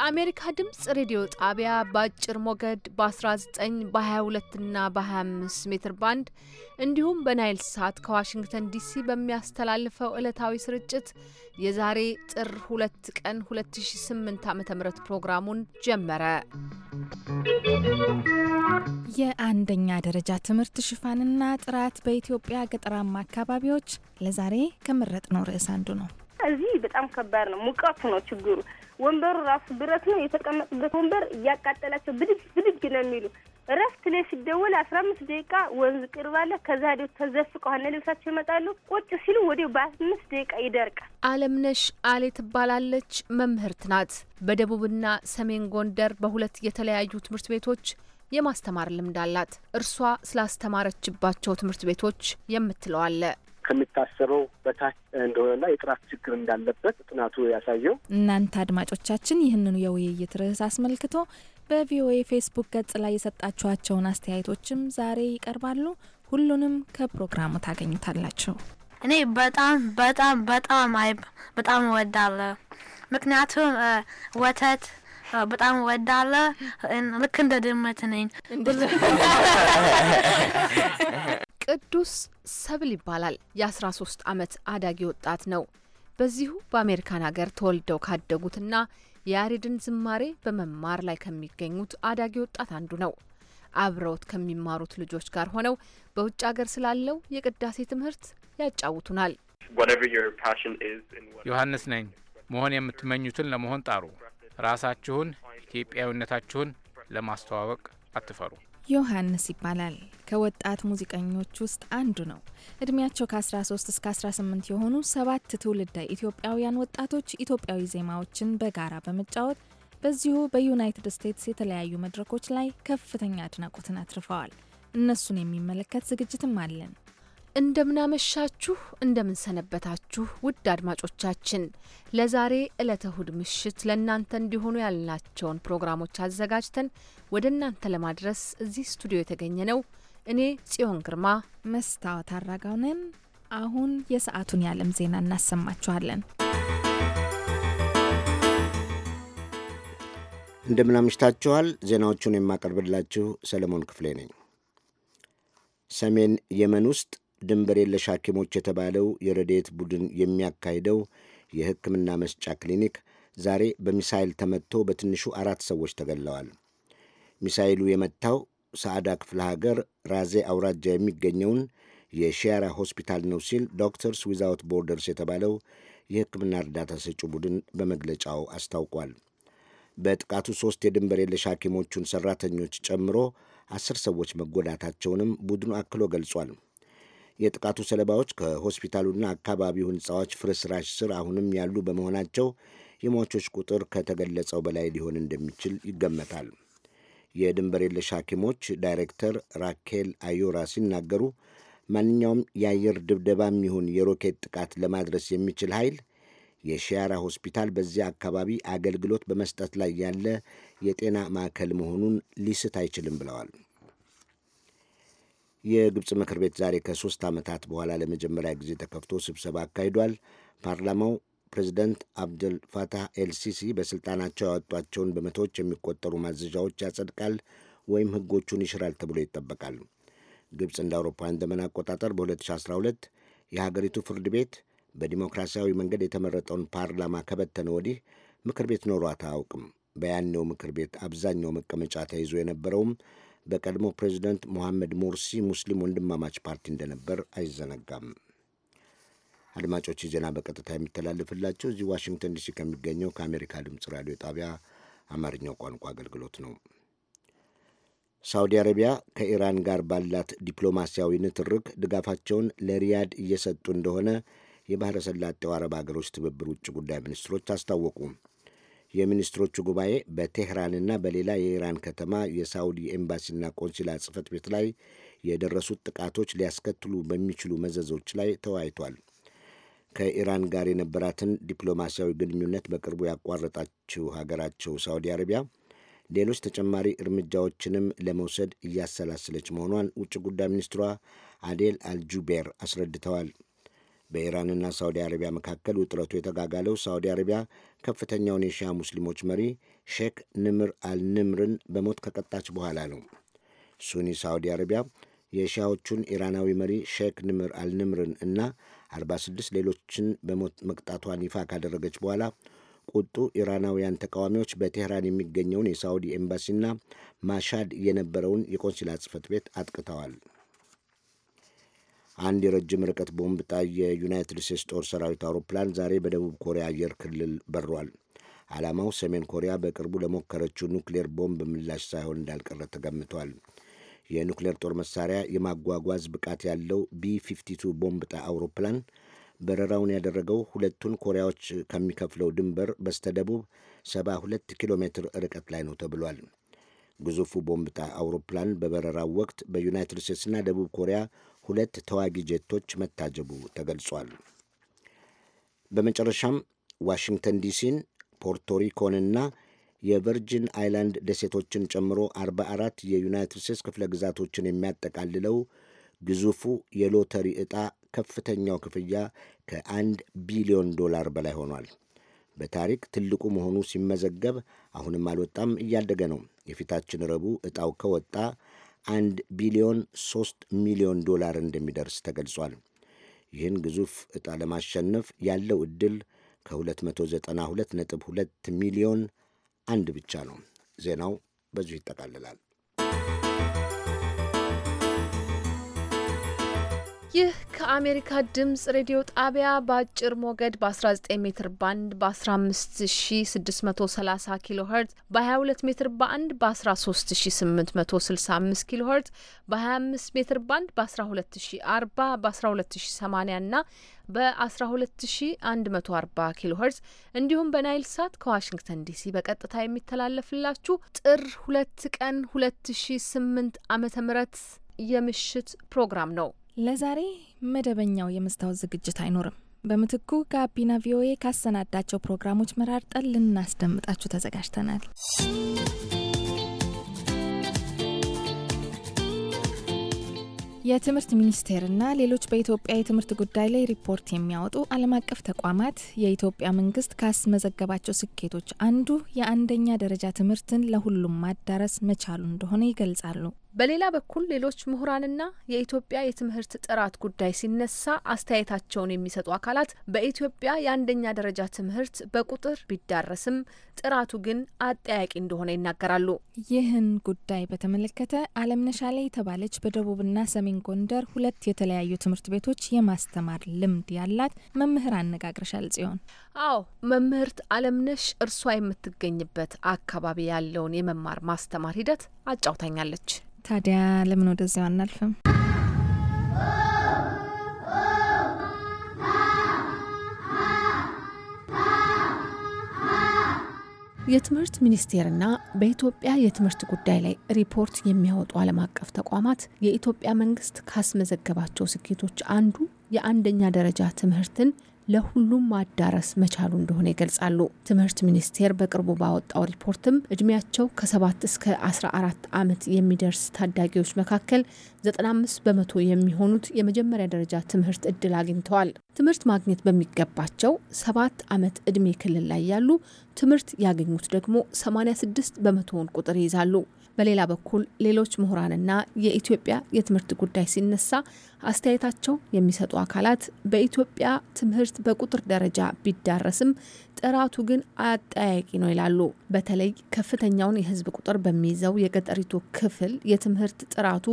የአሜሪካ ድምፅ ሬዲዮ ጣቢያ በአጭር ሞገድ በ19 በ22 እና በ25 ሜትር ባንድ እንዲሁም በናይል ሳት ከዋሽንግተን ዲሲ በሚያስተላልፈው ዕለታዊ ስርጭት የዛሬ ጥር 2 ቀን 2008 ዓ.ም ፕሮግራሙን ጀመረ። የአንደኛ ደረጃ ትምህርት ሽፋንና ጥራት በኢትዮጵያ ገጠራማ አካባቢዎች ለዛሬ ከመረጥነው ርዕስ አንዱ ነው። እዚህ በጣም ከባድ ነው። ሙቀቱ ነው ችግሩ ወንበሩ ራሱ ብረት ነው። የተቀመጡበት ወንበር እያቃጠላቸው ብድግ ብድግ ነው የሚሉ እረፍት ላይ ሲደወል አስራ አምስት ደቂቃ ወንዝ ቅርብ አለ። ከዛ ዲ ተዘፍቀው ልብሳቸው ይመጣሉ። ቁጭ ሲሉ ወዲያው በአምስት ደቂቃ ይደርቃል። አለምነሽ አሌ ትባላለች። መምህርት ናት። በደቡብና ሰሜን ጎንደር በሁለት የተለያዩ ትምህርት ቤቶች የማስተማር ልምድ አላት። እርሷ ስላስተማረችባቸው ትምህርት ቤቶች የምትለው አለ። ከሚታሰበው በታች እንደሆነና የጥራት ችግር እንዳለበት ጥናቱ ያሳየው። እናንተ አድማጮቻችን ይህንኑ የውይይት ርዕስ አስመልክቶ በቪኦኤ ፌስቡክ ገጽ ላይ የሰጣችኋቸውን አስተያየቶችም ዛሬ ይቀርባሉ። ሁሉንም ከፕሮግራሙ ታገኙታላችሁ። እኔ በጣም በጣም በጣም አይ በጣም እወዳለሁ፣ ምክንያቱም ወተት በጣም እወዳለሁ። ልክ እንደ ድመት ነኝ። ቅዱስ ሰብል ይባላል። የ13 ዓመት አዳጊ ወጣት ነው። በዚሁ በአሜሪካን ሀገር ተወልደው ካደጉትና የያሬድን ዝማሬ በመማር ላይ ከሚገኙት አዳጊ ወጣት አንዱ ነው። አብረውት ከሚማሩት ልጆች ጋር ሆነው በውጭ ሀገር ስላለው የቅዳሴ ትምህርት ያጫውቱናል። ዮሐንስ ነኝ። መሆን የምትመኙትን ለመሆን ጣሩ። ራሳችሁን ኢትዮጵያዊነታችሁን ለማስተዋወቅ አትፈሩ። ዮሐንስ ይባላል። ከወጣት ሙዚቀኞች ውስጥ አንዱ ነው። እድሜያቸው ከ13 እስከ 18 የሆኑ ሰባት ትውልደ ኢትዮጵያውያን ወጣቶች ኢትዮጵያዊ ዜማዎችን በጋራ በመጫወት በዚሁ በዩናይትድ ስቴትስ የተለያዩ መድረኮች ላይ ከፍተኛ አድናቆትን አትርፈዋል። እነሱን የሚመለከት ዝግጅትም አለን። እንደምናመሻችሁ እንደምንሰነበታችሁ ውድ አድማጮቻችን ለዛሬ ዕለተ እሁድ ምሽት ለእናንተ እንዲሆኑ ያልናቸውን ፕሮግራሞች አዘጋጅተን ወደ እናንተ ለማድረስ እዚህ ስቱዲዮ የተገኘ ነው። እኔ ጽዮን ግርማ መስታወት አራጋው አሁን የሰዓቱን የዓለም ዜና እናሰማችኋለን። እንደምናምሽታችኋል። ዜናዎቹን የማቀርብላችሁ ሰለሞን ክፍሌ ነኝ። ሰሜን የመን ውስጥ ድንበር የለሽ ሐኪሞች የተባለው የረድኤት ቡድን የሚያካሂደው የሕክምና መስጫ ክሊኒክ ዛሬ በሚሳይል ተመትቶ በትንሹ አራት ሰዎች ተገለዋል። ሚሳይሉ የመታው ሰዓዳ ክፍለ ሀገር ራዜ አውራጃ የሚገኘውን የሺያራ ሆስፒታል ነው ሲል ዶክተርስ ዊዛውት ቦርደርስ የተባለው የሕክምና እርዳታ ሰጪ ቡድን በመግለጫው አስታውቋል። በጥቃቱ ሦስት የድንበር የለሽ ሐኪሞቹን ሠራተኞች ጨምሮ አስር ሰዎች መጎዳታቸውንም ቡድኑ አክሎ ገልጿል። የጥቃቱ ሰለባዎች ከሆስፒታሉና አካባቢው ሕንፃዎች ፍርስራሽ ስር አሁንም ያሉ በመሆናቸው የሟቾች ቁጥር ከተገለጸው በላይ ሊሆን እንደሚችል ይገመታል። የድንበር የለሽ ሐኪሞች ዳይሬክተር ራኬል አዮራ ሲናገሩ ማንኛውም የአየር ድብደባም ይሁን የሮኬት ጥቃት ለማድረስ የሚችል ኃይል የሺያራ ሆስፒታል በዚያ አካባቢ አገልግሎት በመስጠት ላይ ያለ የጤና ማዕከል መሆኑን ሊስት አይችልም ብለዋል። የግብፅ ምክር ቤት ዛሬ ከሶስት ዓመታት በኋላ ለመጀመሪያ ጊዜ ተከፍቶ ስብሰባ አካሂዷል። ፓርላማው ፕሬዚደንት አብደል ፋታህ ኤልሲሲ በሥልጣናቸው ያወጧቸውን በመቶዎች የሚቆጠሩ ማዘዣዎች ያጸድቃል ወይም ህጎቹን ይሽራል ተብሎ ይጠበቃል። ግብፅ እንደ አውሮፓውያን ዘመን አቆጣጠር በ2012 የሀገሪቱ ፍርድ ቤት በዲሞክራሲያዊ መንገድ የተመረጠውን ፓርላማ ከበተነ ወዲህ ምክር ቤት ኖሯት አያውቅም። በያኔው ምክር ቤት አብዛኛው መቀመጫ ተይዞ የነበረውም በቀድሞ ፕሬዚደንት ሞሐመድ ሞርሲ ሙስሊም ወንድማማች ፓርቲ እንደነበር አይዘነጋም። አድማጮች ዜና በቀጥታ የሚተላለፍላቸው እዚህ ዋሽንግተን ዲሲ ከሚገኘው ከአሜሪካ ድምፅ ራዲዮ ጣቢያ አማርኛው ቋንቋ አገልግሎት ነው። ሳውዲ አረቢያ ከኢራን ጋር ባላት ዲፕሎማሲያዊ ንትርክ ድጋፋቸውን ለሪያድ እየሰጡ እንደሆነ የባሕረ ሰላጤው አረብ አገሮች ትብብር ውጭ ጉዳይ ሚኒስትሮች አስታወቁ። የሚኒስትሮቹ ጉባኤ በቴህራንና በሌላ የኢራን ከተማ የሳውዲ ኤምባሲና ቆንሲላ ጽህፈት ቤት ላይ የደረሱት ጥቃቶች ሊያስከትሉ በሚችሉ መዘዞች ላይ ተወያይቷል። ከኢራን ጋር የነበራትን ዲፕሎማሲያዊ ግንኙነት በቅርቡ ያቋረጣችው ሀገራቸው ሳውዲ አረቢያ ሌሎች ተጨማሪ እርምጃዎችንም ለመውሰድ እያሰላሰለች መሆኗን ውጭ ጉዳይ ሚኒስትሯ አዴል አልጁቤር አስረድተዋል። በኢራንና ሳውዲ አረቢያ መካከል ውጥረቱ የተጋጋለው ሳውዲ አረቢያ ከፍተኛውን የሺያ ሙስሊሞች መሪ ሼክ ንምር አልንምርን በሞት ከቀጣች በኋላ ነው። ሱኒ ሳውዲ አረቢያ የሺያዎቹን ኢራናዊ መሪ ሼክ ንምር አልንምርን እና 46 ሌሎችን በሞት መቅጣቷን ይፋ ካደረገች በኋላ ቁጡ ኢራናውያን ተቃዋሚዎች በቴህራን የሚገኘውን የሳውዲ ኤምባሲና ማሻድ የነበረውን የቆንሲላ ጽፈት ቤት አጥቅተዋል። አንድ የረጅም ርቀት ቦምብ ጣይ የዩናይትድ ስቴትስ ጦር ሰራዊት አውሮፕላን ዛሬ በደቡብ ኮሪያ አየር ክልል በሯል። ዓላማው ሰሜን ኮሪያ በቅርቡ ለሞከረችው ኑክሌር ቦምብ ምላሽ ሳይሆን እንዳልቀረ ተገምቷል። የኑክሌር ጦር መሳሪያ የማጓጓዝ ብቃት ያለው ቢ 52 ቦምብ ጣይ አውሮፕላን በረራውን ያደረገው ሁለቱን ኮሪያዎች ከሚከፍለው ድንበር በስተደቡብ 72 ኪሎ ሜትር ርቀት ላይ ነው ተብሏል። ግዙፉ ቦምብ ጣይ አውሮፕላን በበረራው ወቅት በዩናይትድ ስቴትስና ደቡብ ኮሪያ ሁለት ተዋጊ ጄቶች መታጀቡ ተገልጿል። በመጨረሻም ዋሽንግተን ዲሲን ፖርቶሪኮንና የቨርጂን አይላንድ ደሴቶችን ጨምሮ 44 የዩናይትድ ስቴትስ ክፍለ ግዛቶችን የሚያጠቃልለው ግዙፉ የሎተሪ ዕጣ ከፍተኛው ክፍያ ከአንድ ቢሊዮን ዶላር በላይ ሆኗል። በታሪክ ትልቁ መሆኑ ሲመዘገብ አሁንም አልወጣም፣ እያደገ ነው። የፊታችን ረቡዕ ዕጣው ከወጣ አንድ ቢሊዮን 3 ሚሊዮን ዶላር እንደሚደርስ ተገልጿል። ይህን ግዙፍ ዕጣ ለማሸነፍ ያለው ዕድል ከ292.2 ሚሊዮን አንድ ብቻ ነው። ዜናው በዚሁ ይጠቃልላል። ይህ ከአሜሪካ ድምጽ ሬዲዮ ጣቢያ በአጭር ሞገድ በ19 ሜትር ባንድ በ15630 ኪሎ ሄርት በ22 ሜትር ባንድ በ13865 ኪሎ ሄርት በ25 ሜትር ባንድ በ 1240 በ 1280 እና በ12140 ኪሎ ሄርት እንዲሁም በናይል ሳት ከዋሽንግተን ዲሲ በቀጥታ የሚተላለፍላችሁ ጥር 2 ቀን 2008 ዓ.ም የምሽት ፕሮግራም ነው። ለዛሬ መደበኛው የመስታወት ዝግጅት አይኖርም። በምትኩ ጋቢና ቪኦኤ ካሰናዳቸው ፕሮግራሞች መራርጠን ልናስደምጣችሁ ተዘጋጅተናል። የትምህርት ሚኒስቴርና ሌሎች በኢትዮጵያ የትምህርት ጉዳይ ላይ ሪፖርት የሚያወጡ ዓለም አቀፍ ተቋማት የኢትዮጵያ መንግስት ካስመዘገባቸው ስኬቶች አንዱ የአንደኛ ደረጃ ትምህርትን ለሁሉም ማዳረስ መቻሉ እንደሆነ ይገልጻሉ። በሌላ በኩል ሌሎች ምሁራንና የኢትዮጵያ የትምህርት ጥራት ጉዳይ ሲነሳ አስተያየታቸውን የሚሰጡ አካላት በኢትዮጵያ የአንደኛ ደረጃ ትምህርት በቁጥር ቢዳረስም ጥራቱ ግን አጠያቂ እንደሆነ ይናገራሉ። ይህን ጉዳይ በተመለከተ አለምነሽ አለ የተባለች በደቡብና ሰሜን ጎንደር ሁለት የተለያዩ ትምህርት ቤቶች የማስተማር ልምድ ያላት መምህር አነጋግረሻል ጽዮን። አዎ መምህርት አለምነሽ እርሷ የምትገኝበት አካባቢ ያለውን የመማር ማስተማር ሂደት አጫውታኛለች። ታዲያ ለምን ወደዚያው አናልፍም? የትምህርት ሚኒስቴርና በኢትዮጵያ የትምህርት ጉዳይ ላይ ሪፖርት የሚያወጡ ዓለም አቀፍ ተቋማት የኢትዮጵያ መንግስት ካስመዘገባቸው ስኬቶች አንዱ የአንደኛ ደረጃ ትምህርትን ለሁሉም ማዳረስ መቻሉ እንደሆነ ይገልጻሉ። ትምህርት ሚኒስቴር በቅርቡ ባወጣው ሪፖርትም እድሜያቸው ከ7 እስከ 14 ዓመት የሚደርስ ታዳጊዎች መካከል 95 በመቶ የሚሆኑት የመጀመሪያ ደረጃ ትምህርት እድል አግኝተዋል። ትምህርት ማግኘት በሚገባቸው ሰባት ዓመት እድሜ ክልል ላይ ያሉ ትምህርት ያገኙት ደግሞ 86 በመቶውን ቁጥር ይይዛሉ። በሌላ በኩል ሌሎች ምሁራንና የኢትዮጵያ የትምህርት ጉዳይ ሲነሳ አስተያየታቸው የሚሰጡ አካላት በኢትዮጵያ ትምህርት በቁጥር ደረጃ ቢዳረስም ጥራቱ ግን አጠያቂ ነው ይላሉ። በተለይ ከፍተኛውን የሕዝብ ቁጥር በሚይዘው የገጠሪቱ ክፍል የትምህርት ጥራቱ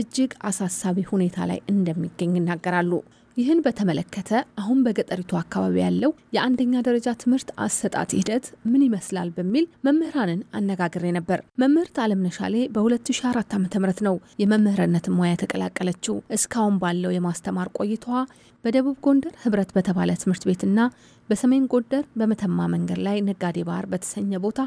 እጅግ አሳሳቢ ሁኔታ ላይ እንደሚገኝ ይናገራሉ። ይህን በተመለከተ አሁን በገጠሪቱ አካባቢ ያለው የአንደኛ ደረጃ ትምህርት አሰጣጥ ሂደት ምን ይመስላል በሚል መምህራንን አነጋግሬ ነበር። መምህርት አለምነሻሌ በ2004 ም ነው የመምህርነትን ሙያ የተቀላቀለችው። እስካሁን ባለው የማስተማር ቆይታዋ በደቡብ ጎንደር ህብረት በተባለ ትምህርት ቤትና በሰሜን ጎንደር በመተማ መንገድ ላይ ነጋዴ ባህር በተሰኘ ቦታ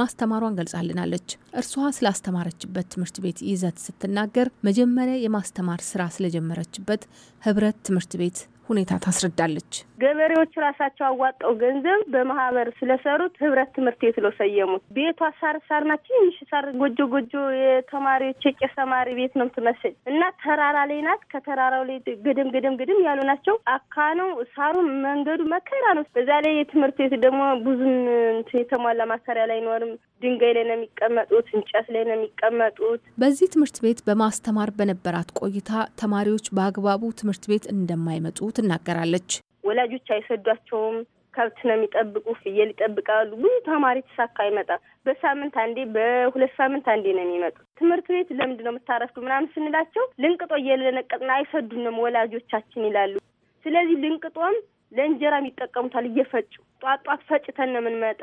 ማስተማሯን ገልጻልናለች። እርሷ ስላስተማረችበት ትምህርት ቤት ይዘት ስትናገር መጀመሪያ የማስተማር ስራ ስለጀመረችበት ህብረት ትምህርት ቤት ሁኔታ ታስረዳለች። ገበሬዎች ራሳቸው አዋጣው ገንዘብ በማህበር ስለሰሩት ህብረት ትምህርት ቤት ነው ሰየሙት። ቤቷ ሳር ሳር ናቸው። ትንሽ ሳር ጎጆ ጎጆ የተማሪዎች የቄስ ተማሪ ቤት ነው ትመስል እና ተራራ ላይ ናት። ከተራራው ላይ ግድም ግድም ግድም ያሉ ናቸው። አካ ነው ሳሩ፣ መንገዱ መከራ ነው። በዛ ላይ የትምህርት ቤት ደግሞ ብዙም የተሟላ ማሰሪያ ላይ አይኖርም። ድንጋይ ላይ ነው የሚቀመጡት፣ እንጨት ላይ ነው የሚቀመጡት። በዚህ ትምህርት ቤት በማስተማር በነበራት ቆይታ ተማሪዎች በአግባቡ ትምህርት ቤት እንደማይመጡ ትናገራለች። ወላጆች አይሰዷቸውም። ከብት ነው የሚጠብቁ፣ ፍየል ይጠብቃሉ። ብዙ ተማሪ ተሳካ አይመጣም። በሳምንት አንዴ፣ በሁለት ሳምንት አንዴ ነው የሚመጡ። ትምህርት ቤት ለምንድን ነው የምታረፍዱ ምናምን ስንላቸው ልንቅጦ እየለነቀጥና አይሰዱንም ወላጆቻችን ይላሉ። ስለዚህ ልንቅጦም ለእንጀራም ይጠቀሙታል እየፈጩ ጧጧት ፈጭተን ነው የምንመጣ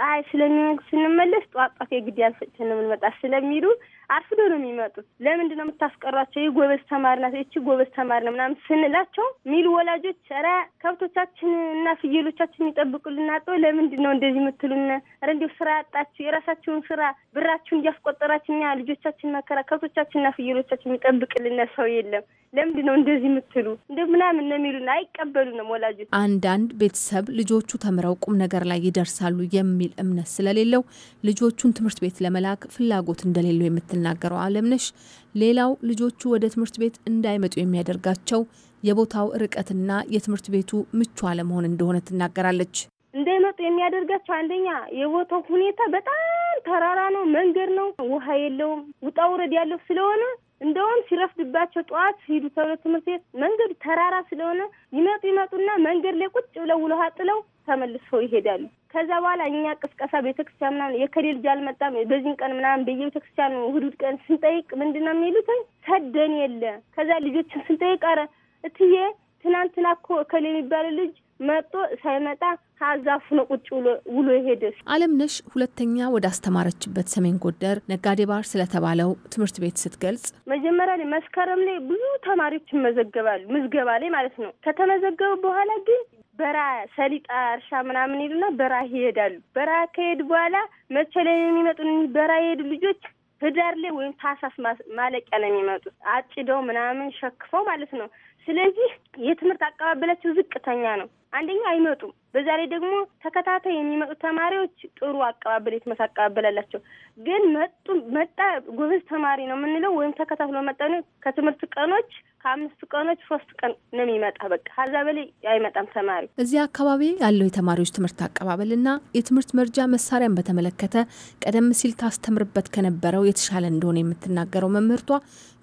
ፀሐይ ስለሚመግ ስንመለስ ጧጧት የግድ ያልፈጭን የምንመጣ ስለሚሉ አርፍዶ ነው የሚመጡት። ለምንድን ነው የምታስቀሯቸው? ይህ ጎበዝ ተማሪ ናት፣ ይቺ ጎበዝ ተማሪ ነው ምናምን ስንላቸው ሚሉ ወላጆች ኧረ ከብቶቻችን እና ፍየሎቻችን ይጠብቁልን አጦ ለምንድን ነው እንደዚህ የምትሉን? ኧረ እንዲሁ ስራ ያጣችሁ የራሳችሁን ስራ ብራችሁን እያስቆጠራችሁ እኛ ልጆቻችን መከራ ከብቶቻችንና ፍየሎቻችን የሚጠብቅልን ሰው የለም ለምንድን ነው እንደዚህ የምትሉ እንደ ምናምን ነው የሚሉን። አይቀበሉንም ወላጆች። አንዳንድ ቤተሰብ ልጆቹ ተምረው ቁም ነገር ላይ ይደርሳሉ የሚል እምነት ስለሌለው ልጆቹን ትምህርት ቤት ለመላክ ፍላጎት እንደሌለው የምትል የምትናገረው አለምነሽ ሌላው ልጆቹ ወደ ትምህርት ቤት እንዳይመጡ የሚያደርጋቸው የቦታው ርቀትና የትምህርት ቤቱ ምቹ አለመሆን እንደሆነ ትናገራለች። እንዳይመጡ የሚያደርጋቸው አንደኛ የቦታው ሁኔታ በጣም ተራራ ነው፣ መንገድ ነው፣ ውሃ የለውም፣ ውጣ ውረድ ያለው ስለሆነ እንደውም ሲረፍድባቸው ጠዋት ሂዱ ተብሎ ትምህርት ቤት መንገዱ ተራራ ስለሆነ ይመጡ ይመጡና መንገድ ላይ ቁጭ ብለው ውለሃ ጥለው ተመልሰው ይሄዳሉ። ከዛ በኋላ እኛ ቅስቀሳ ቤተክርስቲያን ምናምን የከሌ ልጅ አልመጣም በዚህን ቀን ምናምን በየቤተክርስቲያኑ እሑድ ቀን ስንጠይቅ ምንድን ነው የሚሉት ሰደን የለ ከዛ ልጆችን ስንጠይቅ አረ እትዬ ትናንትና እኮ እከሌ የሚባል ልጅ መጦ ሳይመጣ ሀዛፉ ነው ቁጭ ውሎ የሄደ። አለም ነሽ ሁለተኛ ወደ አስተማረችበት ሰሜን ጎንደር ነጋዴ ባህር ስለተባለው ትምህርት ቤት ስትገልጽ መጀመሪያ ላይ መስከረም ላይ ብዙ ተማሪዎች ይመዘገባሉ፣ ምዝገባ ላይ ማለት ነው። ከተመዘገቡ በኋላ ግን በራ ሰሊጣ እርሻ ምናምን ሄዱና በራ ይሄዳሉ። በራ ከሄዱ በኋላ መቼ ላይ የሚመጡ? በራ የሄዱ ልጆች ህዳር ላይ ወይም ታህሳስ ማለቂያ ነው የሚመጡት አጭደው ምናምን ሸክፈው ማለት ነው። ስለዚህ የትምህርት አቀባበላቸው ዝቅተኛ ነው። አንደኛ አይመጡም። በዛ ላይ ደግሞ ተከታታይ የሚመጡ ተማሪዎች ጥሩ አቀባበል የተመሳ አቀባበል አላቸው። ግን መጡ መጣ ጎበዝ ተማሪ ነው የምንለው ወይም ተከታትሎ መጣ ነው ከትምህርት ቀኖች ከአምስት ቀኖች ሶስት ቀን ነው የሚመጣ። በቃ ከዛ በላይ አይመጣም ተማሪ። እዚህ አካባቢ ያለው የተማሪዎች ትምህርት አቀባበልና የትምህርት መርጃ መሳሪያን በተመለከተ ቀደም ሲል ታስተምርበት ከነበረው የተሻለ እንደሆነ የምትናገረው መምህርቷ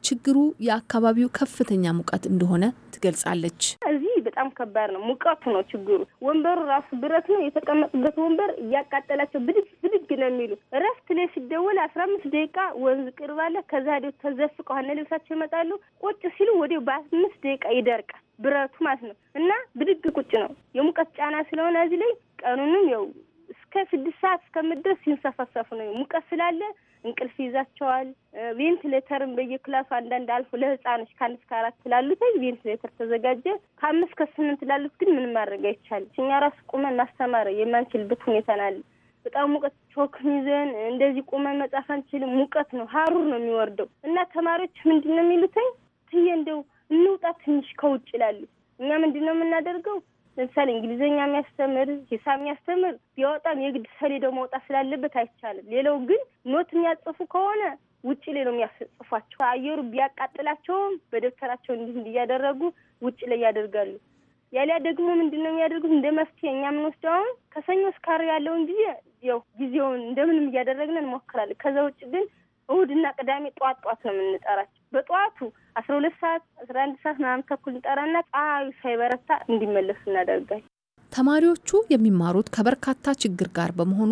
ችግሩ የአካባቢው ከፍተኛ ሙቀት እንደሆነ ትገልጻለች። እዚህ በጣም ከባድ ነው። ሙቀቱ ነው ችግሩ። ወንበሩ ራሱ ብረት ነው። የተቀመጡበት ወንበር እያቃጠላቸው ብድግ ብድግ ነው የሚሉ። እረፍት ላይ ሲደወል አስራ አምስት ደቂቃ ወንዝ ቅርብ አለ። ከዛ ዲ ተዘፍቀው ከነ ልብሳቸው ይመጣሉ። ቁጭ ሲሉ ወዲያው በአምስት ደቂቃ ይደርቃል ብረቱ ማለት ነው። እና ብድግ ቁጭ ነው የሙቀት ጫና ስለሆነ እዚህ ላይ ቀኑንም ያው እስከ ስድስት ሰዓት እስከምድረስ ሲንሰፈሰፉ ነው ሙቀት ስላለ እንቅልፍ ይዛቸዋል። ቬንትሌተርም በየክላሱ አንዳንድ አልፎ ለህፃኖች ከአንድ እስከ አራት ላሉት ቬንትሌተር ተዘጋጀ። ከአምስት ከስምንት ላሉት ግን ምንም ማድረግ አይቻልም። እኛ ራሱ ቁመን ማስተማር የማንችልበት ሁኔታ ናለ። በጣም ሙቀት ቾክን ይዘን እንደዚህ ቁመን መጻፍ አንችልም። ሙቀት ነው፣ ሀሩር ነው የሚወርደው እና ተማሪዎች ምንድን ነው የሚሉትኝ ትዬ እንደው እንውጣ ትንሽ ከውጭ ላሉ እኛ ምንድን ነው የምናደርገው ለምሳሌ እንግሊዝኛ የሚያስተምር ሂሳብ የሚያስተምር ቢያወጣም የግድ ሰሌዳው መውጣት ስላለበት አይቻልም። ሌላው ግን ኖት የሚያጽፉ ከሆነ ውጭ ላይ ነው የሚያስጽፏቸው። አየሩ ቢያቃጥላቸውም በደብተራቸው እንዲህ እያደረጉ ውጭ ላይ ያደርጋሉ። ያሊያ ደግሞ ምንድን ነው የሚያደርጉት? እንደ መፍትሄ እኛ የምንወስደው አሁን ከሰኞ እስከ ዓርብ ያለውን ጊዜ ያው ጊዜውን እንደምንም እያደረግን እንሞክራለን። ከዛ ውጭ ግን እሁድና ቅዳሜ ጧት ጧት ነው የምንጠራቸው። በጠዋቱ አስራ ሁለት ሰዓት አስራ አንድ ሰዓት ምናምን ተኩል እንጠራና ፀሐዩ ሳይበረታ እንዲመለሱ እናደርጋል። ተማሪዎቹ የሚማሩት ከበርካታ ችግር ጋር በመሆኑ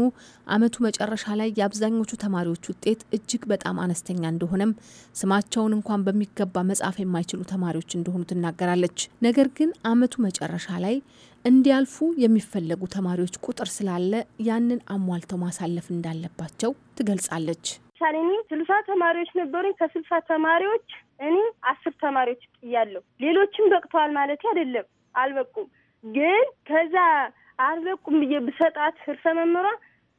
ዓመቱ መጨረሻ ላይ የአብዛኞቹ ተማሪዎች ውጤት እጅግ በጣም አነስተኛ እንደሆነም ስማቸውን እንኳን በሚገባ መጻፍ የማይችሉ ተማሪዎች እንደሆኑ ትናገራለች። ነገር ግን ዓመቱ መጨረሻ ላይ እንዲያልፉ የሚፈለጉ ተማሪዎች ቁጥር ስላለ ያንን አሟልተው ማሳለፍ እንዳለባቸው ትገልጻለች። ለምሳሌ እኔ ስልሳ ተማሪዎች ነበሩኝ። ከስልሳ ተማሪዎች እኔ አስር ተማሪዎች ጥያለሁ። ሌሎችም በቅተዋል ማለት አይደለም፣ አልበቁም። ግን ከዛ አልበቁም ብዬ ብሰጣት ርዕሰ መምሯ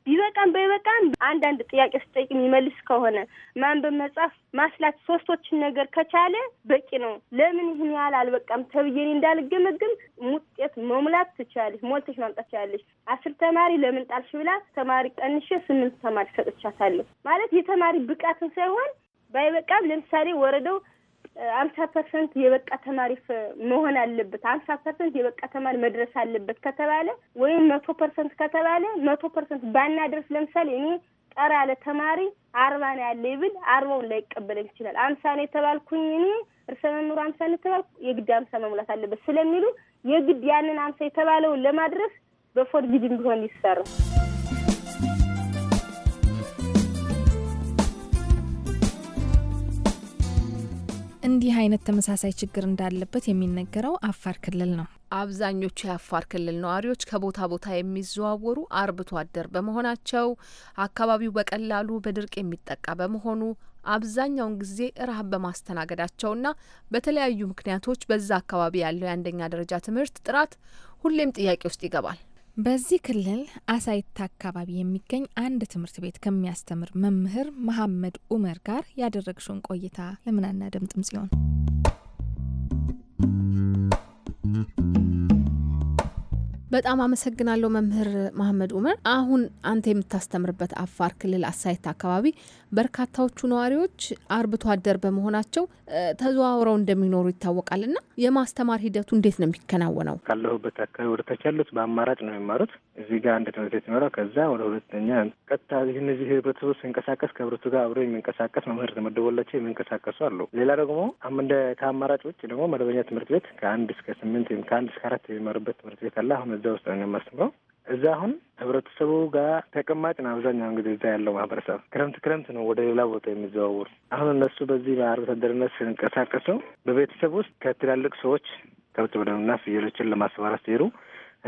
ቢበቃም በይበቃም አንዳንድ ጥያቄ ስጠይቅ የሚመልስ ከሆነ ማንበብ፣ መጻፍ፣ ማስላት ሶስቶችን ነገር ከቻለ በቂ ነው። ለምን ይህን ያህል አልበቃም ተብዬን እንዳልገመግም ውጤት መሙላት ትችላለች፣ ሞልተሽ ማምጣት ትችላለች። አስር ተማሪ ለምን ጣልሽ ብላ ተማሪ ቀንሼ ስምንት ተማሪ ሰጥቻታለሁ ማለት የተማሪ ብቃትን ሳይሆን ባይበቃም ለምሳሌ ወረደው አምሳ ፐርሰንት የበቃ ተማሪ መሆን አለበት፣ አምሳ ፐርሰንት የበቃ ተማሪ መድረስ አለበት ከተባለ ወይም መቶ ፐርሰንት ከተባለ መቶ ፐርሰንት ባናደርስ ለምሳሌ እኔ ጠራ ያለ ተማሪ አርባ ነው ያለ ይብል አርባውን ላይቀበለኝ ይችላል። አምሳ ነው የተባልኩኝ እኔ እርሰ መምሩ አምሳ ነው የተባልኩ የግድ አምሳ መሙላት አለበት ስለሚሉ የግድ ያንን አምሳ የተባለውን ለማድረስ በፎርጅድ ቢሆን ይሰራል። እንዲህ አይነት ተመሳሳይ ችግር እንዳለበት የሚነገረው አፋር ክልል ነው። አብዛኞቹ የአፋር ክልል ነዋሪዎች ከቦታ ቦታ የሚዘዋወሩ አርብቶ አደር በመሆናቸው አካባቢው በቀላሉ በድርቅ የሚጠቃ በመሆኑ አብዛኛውን ጊዜ ረሃብ በማስተናገዳቸውና በተለያዩ ምክንያቶች በዛ አካባቢ ያለው የአንደኛ ደረጃ ትምህርት ጥራት ሁሌም ጥያቄ ውስጥ ይገባል። በዚህ ክልል አሳይታ አካባቢ የሚገኝ አንድ ትምህርት ቤት ከሚያስተምር መምህር መሐመድ ኡመር ጋር ያደረግሽውን ቆይታ ለምን አናደምጥም? ጽዮን በጣም አመሰግናለሁ መምህር መሀመድ ኡመር። አሁን አንተ የምታስተምርበት አፋር ክልል አሳይት አካባቢ በርካታዎቹ ነዋሪዎች አርብቶ አደር በመሆናቸው ተዘዋውረው እንደሚኖሩ ይታወቃል እና የማስተማር ሂደቱ እንዴት ነው የሚከናወነው? ካለሁበት አካባቢ ወደ ታች ያሉት በአማራጭ ነው የሚማሩት። እዚህ ጋር አንድ ትምህርት ቤት ይኖረው ከዛ ወደ ሁለተኛ ቀጥታ እነዚህ ህብረተሰቡ ሲንቀሳቀስ ከህብረቱ ጋር አብሮ የሚንቀሳቀስ መምህር ተመደቦላቸው የሚንቀሳቀሱ አሉ። ሌላ ደግሞ እንደ ከአማራጭ ውጭ ደግሞ መደበኛ ትምህርት ቤት ከአንድ እስከ ስምንት ወይም ከአንድ እስከ አራት የሚማሩበት ትምህርት ቤት አለ አሁን ደረጃ ውስጥ ነው የማስበው። እዛ አሁን ህብረተሰቡ ጋር ተቀማጭ ነው አብዛኛውን ጊዜ እዛ ያለው ማህበረሰብ። ክረምት ክረምት ነው ወደ ሌላ ቦታ የሚዘዋወሩ። አሁን እነሱ በዚህ በአርብቶ አደርነት ሲንቀሳቀሱ በቤተሰብ ውስጥ ከትላልቅ ሰዎች ከብት በደምና ፍየሎችን ለማሰማራት ሲሄዱ